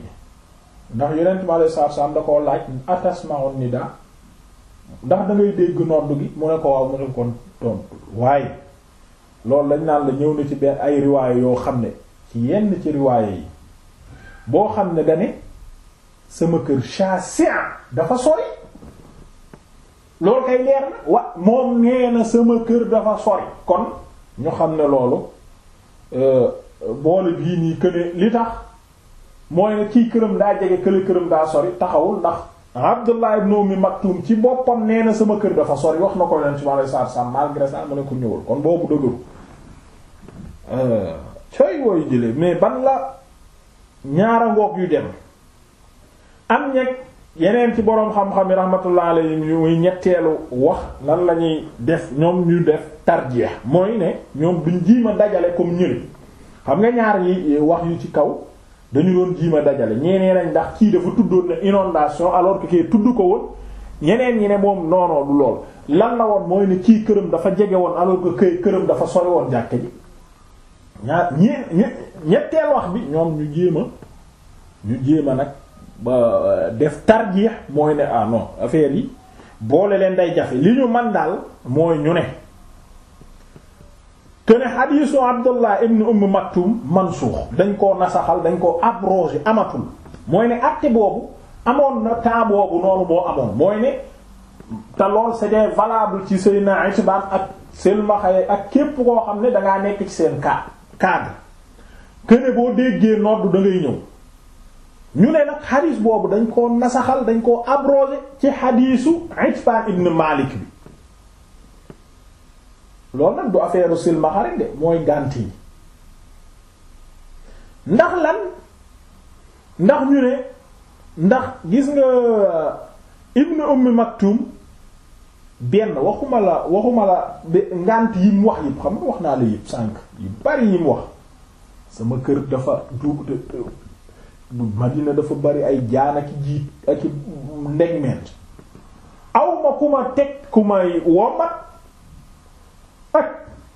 ndax yonent mi alayhi salaatu salaam da koo laaj atasma'un nidaa ndax da dégg nodd gi mu ne ko waaw mu ne kon tontu waaye loolu lañ naan la ñëw na ci benn ay riwaay yoo xam ne ci yenn ci riwaay yi. boo xam ne dane sama kër chance dafa sori loolu kay leer na wa moom nee na sama kër dafa sori kon ñu xam ne loolu euh, boole bii nii këne li tax mooy ne kii këram daa jege kële këram daa sori taxawul ndax Abdullah ibn Ummi Maktum ci boppam nee na sama kër dafa sori wax na ko leen subhaanahu wa ta'aala malgré ça mu ne ko ñëwul kon boobu dëgëru euh, cay wooyu jële mais ban la ñaara ngoog yu dem am ñeg yeneen ci boroom xam-xam yi rahmatullah alayhim yu muy ñetteelu wax nan la ñuy def ñoom ñu def tarjeex mooy ne ñoom duñ jiima dajale comme ñëri xam nga ñaar yi wax yu ci kaw dañu doon jiima dajale ñeneen nañ ndax kii dafa tuddoon na inondation alors que kii tudd ko woon ñeneen ñi ne moom noonoo du lool lan la woon mooy ne kii këram dafa jege woon alors que këy këram dafa sori woon jàkke ji ñaar ñi ñetteel wax bi ñoom ñu jéema a ñu jéem a nag ba euh, def tarjiix mooy ne ah non affaire yi boole leen day jafe li ñu man daal mooy ñu ne te ne xadiisu Abdullah ibn Umm man mansuux dañ koo nasaxal dañ ko abrogé amatul mooy ne acte boobu amoon na temps boobu noonu boo amoon mooy ne te lool c'était valable ci Seydina Itbaan ak seen maxaye ak képp koo xam ne dangaa nekk ci seen kaa cadre këne boo déggee noddu da ñëw ñu ne nag xadiis boobu dañ koo nasaxal dañ koo abrogé ci xadiisu Itbaan ibn Malik bi loolu nag du affaire silmaxa rek de mooy ngànt yi ndax lan ndax ñu ne ndax gis nga euh, ibn Ummi Maktum benn waxuma la waxuma la ngànt yi mu wax yëpp xam nga wax naa la yëpp sànq yu bari yi mu wax sama kër dafa duub Madina dafa bari ay jaan ak jiit ak ndegmeent awma ku teg ku may wommat ak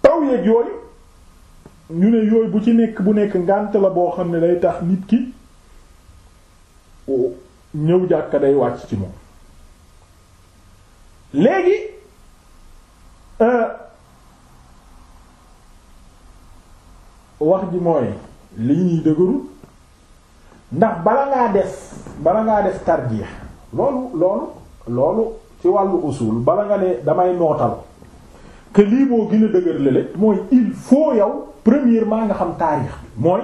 taw yeeg yooyu ñu ne yooyu bu ci nekk bu nekk ngànt la boo xam ne day tax nit ki oh, ñëw jàkka day wàcc ci moom léegi euh, wax ji mooy li ñuy dëgërul ndax bala ngaa des bala ngaa def tarjiix loolu loolu loolu ci wàllu usul bala nga ne damay nootal que lii moo gën a dëgër lële mooy il faut yow premièrement nga xam taarix bi mooy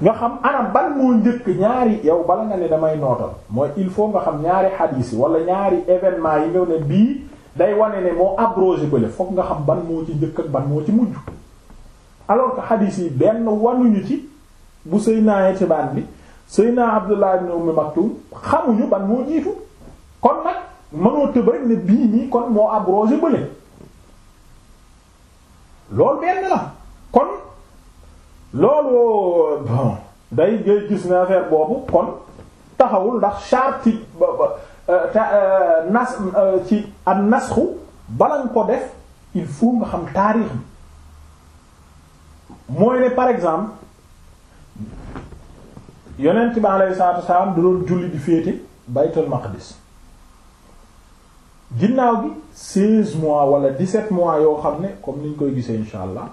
nga xam ana ban moo njëkk ñaari yow bala nga ne damay nootal mooy il faut nga xam ñaari xadiis yi wala ñaari événement yi nga bii day wane ne moo abrogé bële fokk nga xam ban moo ci njëkk ak ban moo ci mujj alors que xadiis yi benn wanuñu ci bu Seydina Itbaan bi Seydina Abdullah ibn Umm Maktum xamuñu ban moo jiitu kon nag mënoo tëb rek ne bii nii kon moo abrogé bële loolu benn la kon loolu bon day ngay gis ne affaire boobu kon taxawul ndax charte euh, euh, nas euh, ci an nasxu bala nga ko def il faut nga xam taarix bi mooy ne par exemple yonent bi alayhi salaatu wasalaam da doon julli di féete baytul maqdis ginnaaw bi 16 mois wala 17 mois yoo xam ne comme ni ñu koy gisee insha allah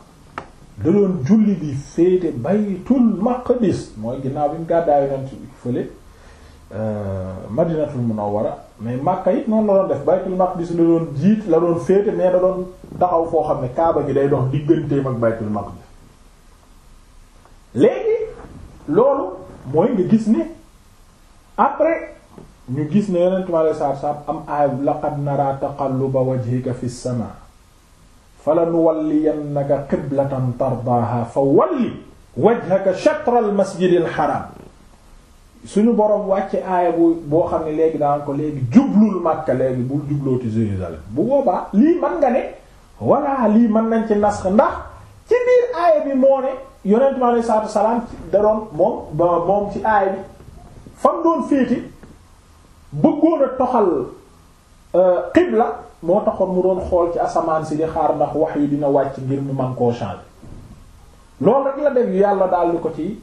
da doon julli di féete baytul maqdis mooy ginnaaw bi mu gàddaay yonent bi fële euh, madinatul munawwara mais Makka it noonu la doon def baytul maqdis la doon jiit la doon féete mais da doon taxaw foo xam ne kaaba gi day dox digganteem ak baytul maqdis léegi loolu mooy nga gis ni après ñu gis ne yonent bi sallallahu alayhi wasallam am aaya laqad nara taqalluba wajhika fis samaa falanuwalliyannaka qiblatan tardaaha fa walli wajhaka shatra al masjidil haram suñu borom wàcce aaya bu boo xam ne léegi daan ko léegi jublul Makka léegi bul jublooti Jérusalem bu boobaa lii mën nga ne walla lii mën nañ ci nasx ndax ci biir aaya bi moo ne yonent mi alei salaam da doon moom moom ci aaya bi fam doon féeti bëggoon toxal euh, qibla moo taxoon mu doon xool ci asamaan si di xaar ndax wax yu dina wàcc ngir mi man koo changer loolu rek la def yàlla daal ni ko ci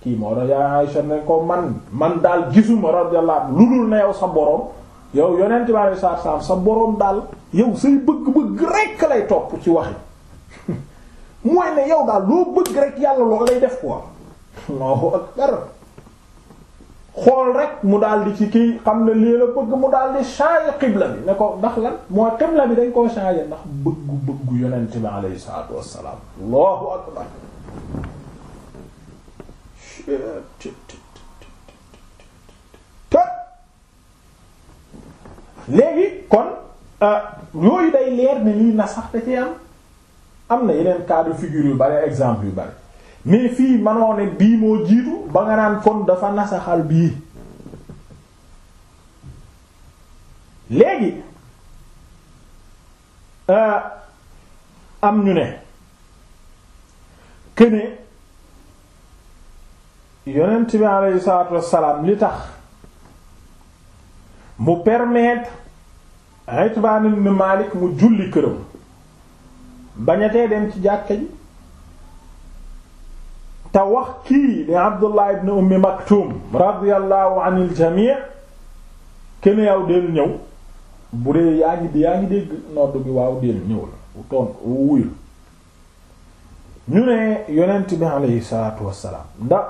kii moo tax yaa Aysa ne ko man man daal gisuma radiyallahu lu dul na yow sa borom yow yonent bi alayhi salaatu sa boroom daal yow say bëgg-bëgg rek lay topp ci waxi mooy ne yow daal loo bëgg rek yàlla loolu lay def quoi Allahu akbar xool rek mu daal di ci kii xam na lii la bëgg mu daal di changer xibla bi ne ko ndax lan mooy xibla bi dañ koo changer ndax bëggu bëggu yonent bi alayhi salaatu wassalaam allahu akbar léegi kon euh, yooyu day leer ne lii na sax da ci am am na yeneen cas de figure yu bari exemple yu bari mais fii manoo bii moo jiitu ba nga naan kon dafa nasaxal bii léegi euh, am ñu ne këne yonent bi aleyhi salaatu wassalaam li tax mu permettre Itbaan ibn Maalik mu julli këram bañatee dem ci jàkka ji te wax kii di Abdullah ibn Ummi Maktum radiyallahu anil jamii kenn yaw del ñëw bu dee yaa ngi di nodd bi waaw del ñëw la wu wuyul ñu ne yonent bi alayhi salaatu wassalaam ndax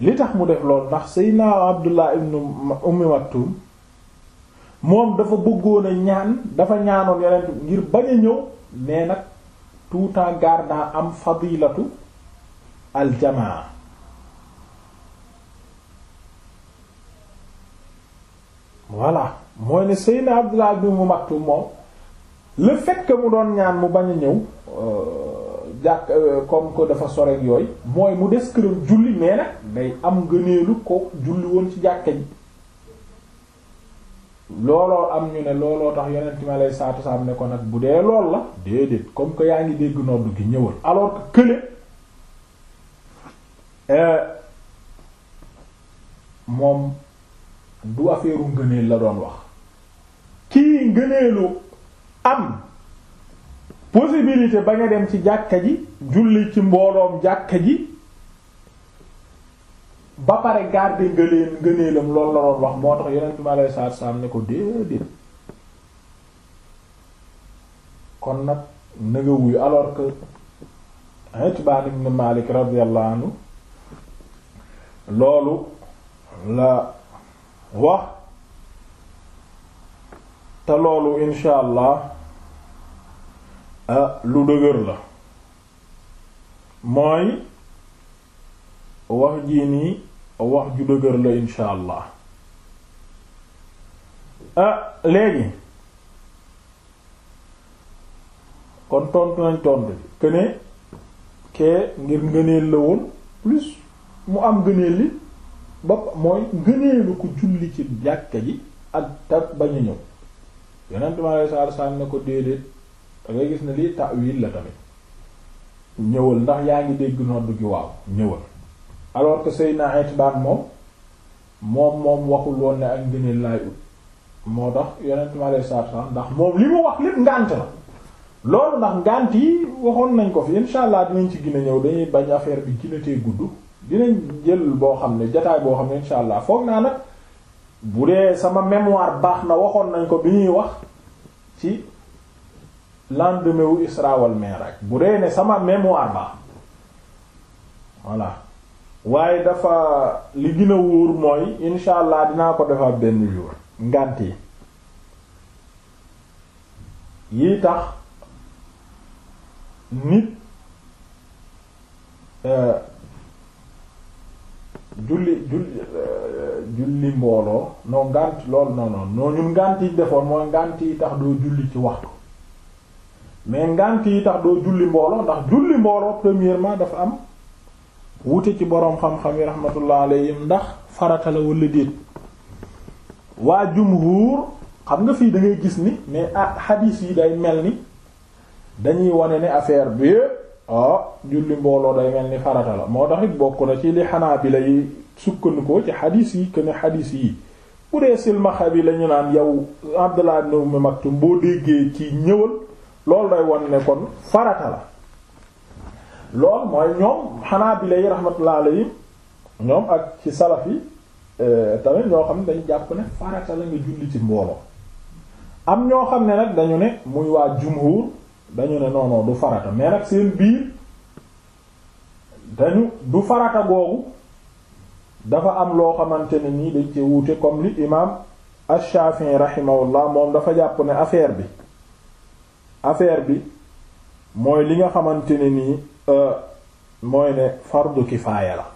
li tax mu def loolu ndax Seydina Abdullah ibn Ummi Maktum moom dafa bëggoon a ñaan dafa ñaanoon yonent ngir bañ a ñëw mais nag tout temps garda am fadilatu aljamaa voilà mooy ne Seydina Abdullah ibn Maktum moom le fait mu doon ñaan mu bañ a ñëw euh, jàkk euh, comme que dafa soreek yooy mooy mu des këram julli mais nag day am gëneelu ko julli woon ci jàkka ji looloo am ñu ne looloo tax yonent mi alayhi salaatu salaam ne ko nag bu dee lool la déedéet comme que yaa ngi dégg noddu gi ñëwal alors que kële Euh, moom du afeeru ngëneel la doon wax kii ngëneelu am possibilité ba nga dem ci jàkka ji julli ci mbooloom jàkka ji ba pare garder ngëneel ngëneelam loolu la doon wax moo tax yonent bi alayhi salaatu salaam ne ko déedéet kon nag nëgëwuy alors que Itbaan ibn Maalik radiyallahu anhu loolu la wax te loolu insha eh, lu dëgër la mooy wax jii nii wax ju dëgër la insha allah eh, léegi kon tontu nañ tontu këne kee ngir ngëneel la woon plus mu am gëneel li bopp mooy gëneelu ko julli ci jàkka ji ak tak bañ a ñëw yonent mi alei salatu ko déedéet da ngay gis ne lii ta'wil la tamit ñëwal ndax yaa ngi dégg nodd gi waaw ñëwal alors que Seydina Itbaan moom moom moom waxul woon ne ak ngëneel laay ut moo tax yonent mi alei salatu salaam ndax moom li mu wax lépp ngànt la loolu ndax ngànt yi waxoon nañ ko fi insha allah dinañ ci gën a ñëw dañuy bañ affaire bi gën a gudd dinañ jël boo xam ne jataay boo xam ne insha allah foog naa nag bu dee sama mémoire baax na waxoon nañ ko bi ñuy wax ci lendemain wu Isra wal bu dee ne sama mémoire baax voilà waaye dafa li gën a mooy insha allah dinaa ko defar benn jour ngànt yi yi tax nit. Euh, julli julli euh, mbooloo noo ngànt lool non non noo ñun ngànt yi defoon mooy ngànt yi tax doo julli ci waxtu mais ngànt yi tax doo julli mbooloo ndax julli mbooloo premièrement dafa am wute ci boroom xam-xam yi rahmatullah alayhim ndax farata la wala déet waa jumhuur xam nga fii da ngay gis ni mais ah hadith yi day mel ni dañuy wane ne affaire bi ah julli mbooloo day mel ni farata la moo tax bokk na ci li xanaa bi lay sukkandikoo ci xadiis yi que ne xadiis yi bu dee silmaxa bi lañu ñu naan yow Abdullah ibn Umm Maktum boo déggee ci ñëwal lool day won ne kon farata la loolu mooy ñoom xanaa bi lay rahmatullah alayhi ñoom ak ci salaf yi eh, tamit ñoo xam ne dañu jàpp ne farata la nga julli ci mbooloo am ñoo xam ne nag dañu ne muy waa jumhur dañu ne non non du farata mais nag seen biir dañu du farata googu dafa am loo xamante ne nii dañ ci wuute comme li imaam Ash-Shafi'i rahimahullah moom dafa jàpp ne affaire bi affaire bi mooy li nga xamante ne nii euh, mooy ne fardu kifaaya la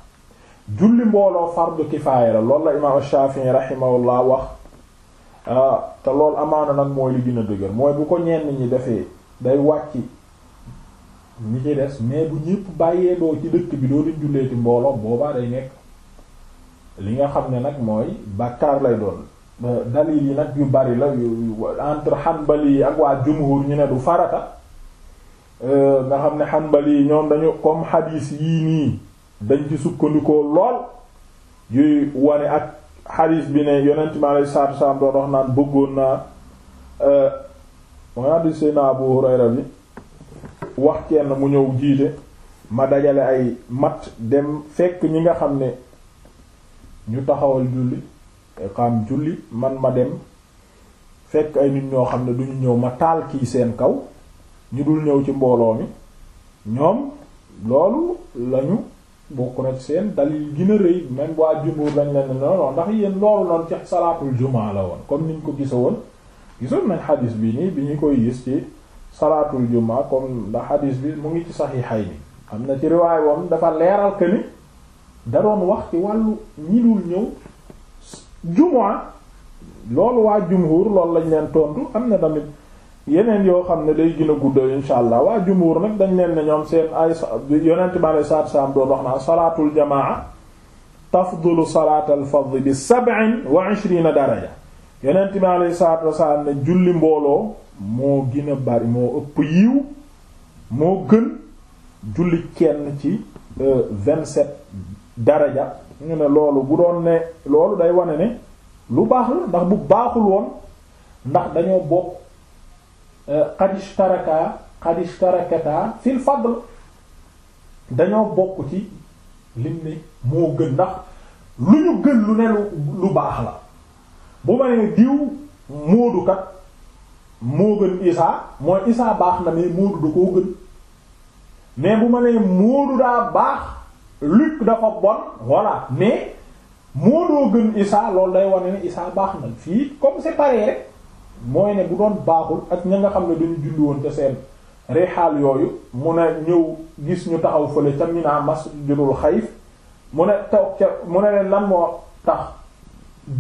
julli mbooloo fardu kifaaya la loolu la imaam Ash-Shafi'i rahimahullah wax euh, te loolu amaana nag mooy li gën a dëgër mooy bu ko ñenn ñi defee day wàcc ñi ci des mais bu ñépp bàyyee doo ci dëkk bi doo leen julleeti mbooloo boobaa day nekk li nga xam ne nag mooy bàkkaar lay doon dalil yi nag yu bari la yu entre xanbali yi ak waa jumhur ñu ne du farata euh, nga xam ne xanbali yi ñoom dañu comme xadiis yii nii dañ ci sukkandikoo lool yuy wane ak xadiis bi ne yonent mi alayhi salaatu wa salaam doon naan bëggoon naa euh, mooy hadiis Seydina Abu Hurayra bi wax kenn mu ñëw jiite ma dajale ay mat dem fekk ñi nga xam ne ñu taxawal julli xam julli man ma dem fekk ay nit ñoo xam ne duñu ñëw ma taal kii seen kaw ñu dul ñëw ci mbooloo mi ñoom loolu lañu bokk na seen dalil gën a rëy même waa jumbuur lañ leen ne non non ndax yéen loolu noonu ci salaatul jumaa la woon comme niñ ko gisa woon gisoon nañ xadis bi nii bi ñu koy gis ci salaatul jumaa comme ndax xadis bi mu ngi ci saxiixay ni am na ci riwaay woon dafa leeral que ni wax ci wàllu ñi dul ñëw jumaa loolu waa jumhur loolu lañ leen tontu am na tamit yeneen yoo xam ne day gën a guddal insha allah waa jumhur nag dañ leen ne ñoom seen ay yonent ma lay saat saam doon wax naa salaatul jamaa tafdulu salaatal fadl bi sab'in wa ishrina daraja yeneen bi alayhi salaatu wasalaam ne julli mbooloo moo gën a bari moo ëpp yiw moo gën julli kenn ci euh, vingt-sept daraja ñu ne loolu bu doon ne loolu day wane ne lu baax la ndax bu baaxul woon ndax dañoo bokk xadish euh, taraka xadish tarakata fil fadl dañoo bokk ci lim ne moo gën ndax lu ñu gën lu ne lu baax la bu ma nee diw Moodu kat moo gën Isaa mooy Isaa baax na mais Moodu du koo gën mais bu ma nee Moodu daa baax Luc dafa bon voilà mais Moodoo gën Isaa loolu day wane ne Isaa baax na fii comme c'est pareil mooy ne bu doon baaxul ak ña nga xam ne dañu julli woon te seen rexaal yooyu mu ne ñëw gis ñu taxaw fële ca Mina masjidul Xayf mu ne toog ca mu ne leen lan moo tax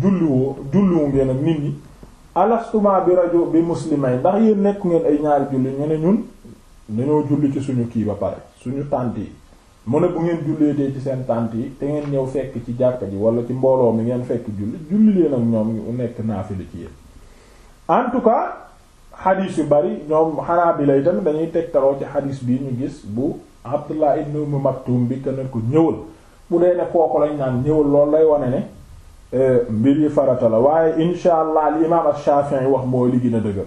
julliwoo julliwu ngeen ak nit ñi alastuma bi rajo bi muslimay ndax yéen nekk ngeen ay ñaari julli ñu ne ñun dañoo julli ci suñu kii ba pare suñu tànt yi mu ne bu ngeen jullee dee ci seen tànt yi te ngeen ñëw fekk ci jàkka ji wala ci mbooloo mi ngeen fekk julli julli leen ak ñoom ñu nekk naafila ci yéen en tout cas xadiis yu bari ñoom xanaa bi lay tamit dañuy tegtaloo ci xadiis bii ñu gis bu Abdullah ibn Umm Maktum bi que ne ko ñëwal bu dee ne kooku lañ naan ñëwal loolu lay wane ne mbir yi farata la waaye insha allah li imaam yi wax mooy li gën a dëgër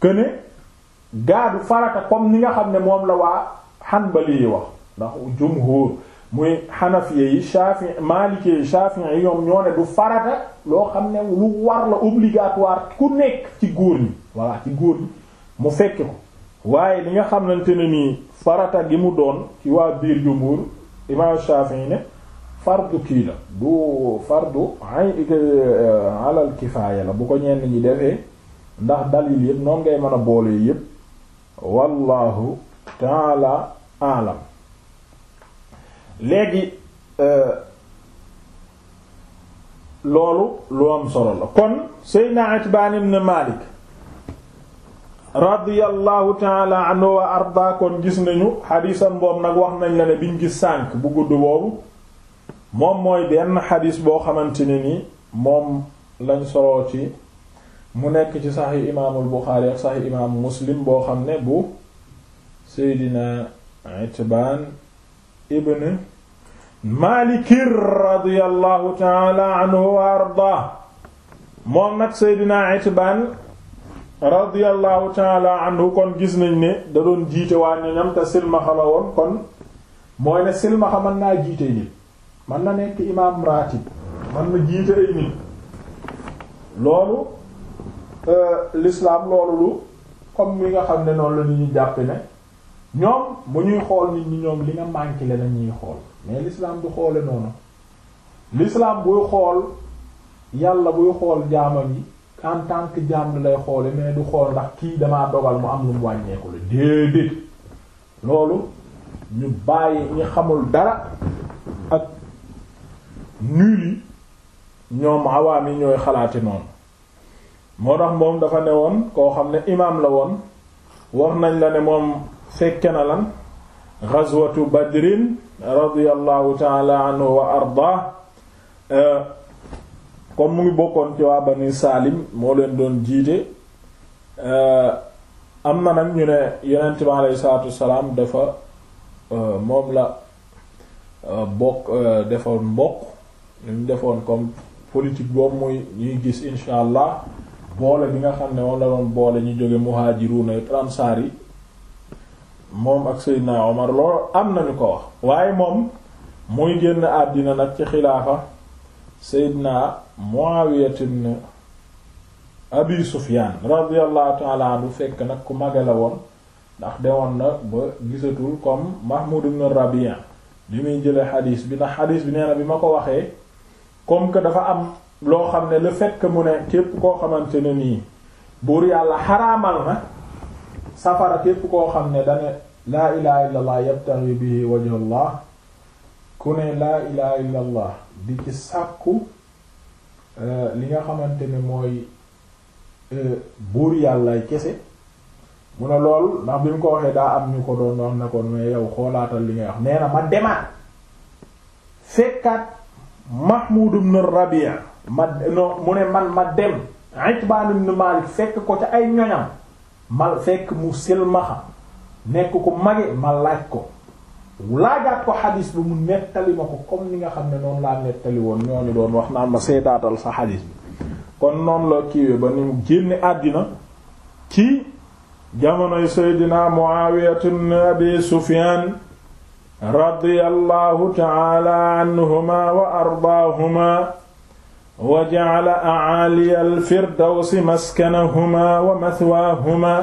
que gaadu farata comme ni nga xam ne moom la waa Hanbali yi wax ndax jumhur muy Hanafiya yi Shafi'i Maliki yi Shafi'i yi ñoom ñoo ne du farata loo xam ne lu war la obligatoire ku nekk ci góor ñi voilà ci góor ñi mu fekke ko waaye li nga xamante ne nii farata gi mu doon ci waa biir jumhur imaam Shafi'i ne. fardu kii la du fardu ay euh, alal kifaaya la bu ko ñenn ñi defee ndax dalil yëpp noonu ngay mën a boole yëpp wallahu taala alam léegi euh, loolu lu am solo la kon seydna Itbaan ibn Maalik radiyallahu taala anhu wa arda gis nañu xadiisam boobu nag wax nañ la ne biñ gis sànk bu gudd boobu moom mooy benn xadis boo xamante ne ni moom lañ soloo ci mu nekk ci saxi imaamul buxaari ak saxi imaamu muslim boo xam ne bu seydina itbaan ibn maalikir radiallahu taala anhu wa arda moom nag seydina itbaan radiallahu taala anhu kon gis nañ ne da jiite waa ñoñam te silmaxa la woon kon mooy ne silmaxa mën naa jiite nit man na nekk imaam ratib man na jiite ay nit loolu euh, lislaam loolu lu comme mi nga xam ne noonu la ñuy jàpp ne ñoom bu ñuy xool nit ñi ñoom li nga manqué la ñuy xool mais lislaam du xoole noonu lislaam buy xool yàlla buy xool jaamam yi en tant que jaam lay xoole mais du xool ndax kii damaa dogal mu am lu mu wàññeeku la déedéet loolu ñu bàyyi ñu xamul dara ak nul yi ñoom awaam yi ñooy xalaati noonu moo tax moom dafa ne woon koo xam ne imaam la woon wax nañ la ne moom fekke na lan ghazwatu badrin radiyallahu taala anhu wa arda eh, comme mu ngi bokkoon ci waa bani saalim moo leen doon jiite eh, am na nag ñu ne yonent bi aleyhi salaatu dafa eh, moom la bokk defoon mbokk ñu defoon comme politique boobu muy ñuy gis insha allah boole bi nga xam ne moom la doon boole ñu jóge muhajiruna ansaar yi moom ak Seydina Omar loolu am nañu ko wax waaye moom muy génn àddina nag ci xilaafa Seydina Muawiya ibn Abi Sufyan radiyallahu ta'ala anhu fekk nag ku mage la woon ndax de woon na ba gisatul comme Mahmoud ibn Rabi'a bi muy jële xadiis bi ndax xadiis bi nee bi ma ko waxee comme que dafa am loo xam ne le fait mu ne képp koo xamante ne nii buur yàlla xaraamal na safara képp koo xam ne dane laa ilaha illa allah yabtaghi bihi wajha ku ne laa ilaha illa allah di ci sàkku euh, li nga xamante ne mooy euh, buur yàllay kese mu ne lool ndax bi mu ko waxee daa am ñu ko doon wax ne kon mais yow xoolaatal li ngay wax nee na ma demaat fekkaat Mahmoud ibn Rabi' ma no mu ne man ma dem Itbaan ibn Maalik fekk ko ca ay ñoñam ma fekk mu silmaxa nekk ko mage ma laaj ko laajaat ko xadis bi mu nettali ma ko comme ni nga xam ne noonu laa nettali woon ñooñu doon wax naa ma seetaatal sa xadis bi kon noonu la kiiwee ba ni mu génne àddina ci jamonoy Seydina Muawiya ibn Abi Sufyaan radiyallahu ta'ala anhuma wa ardaahuma wa ja'ala a'aaliya al-firdawsi maskanahuma wa mathwaahuma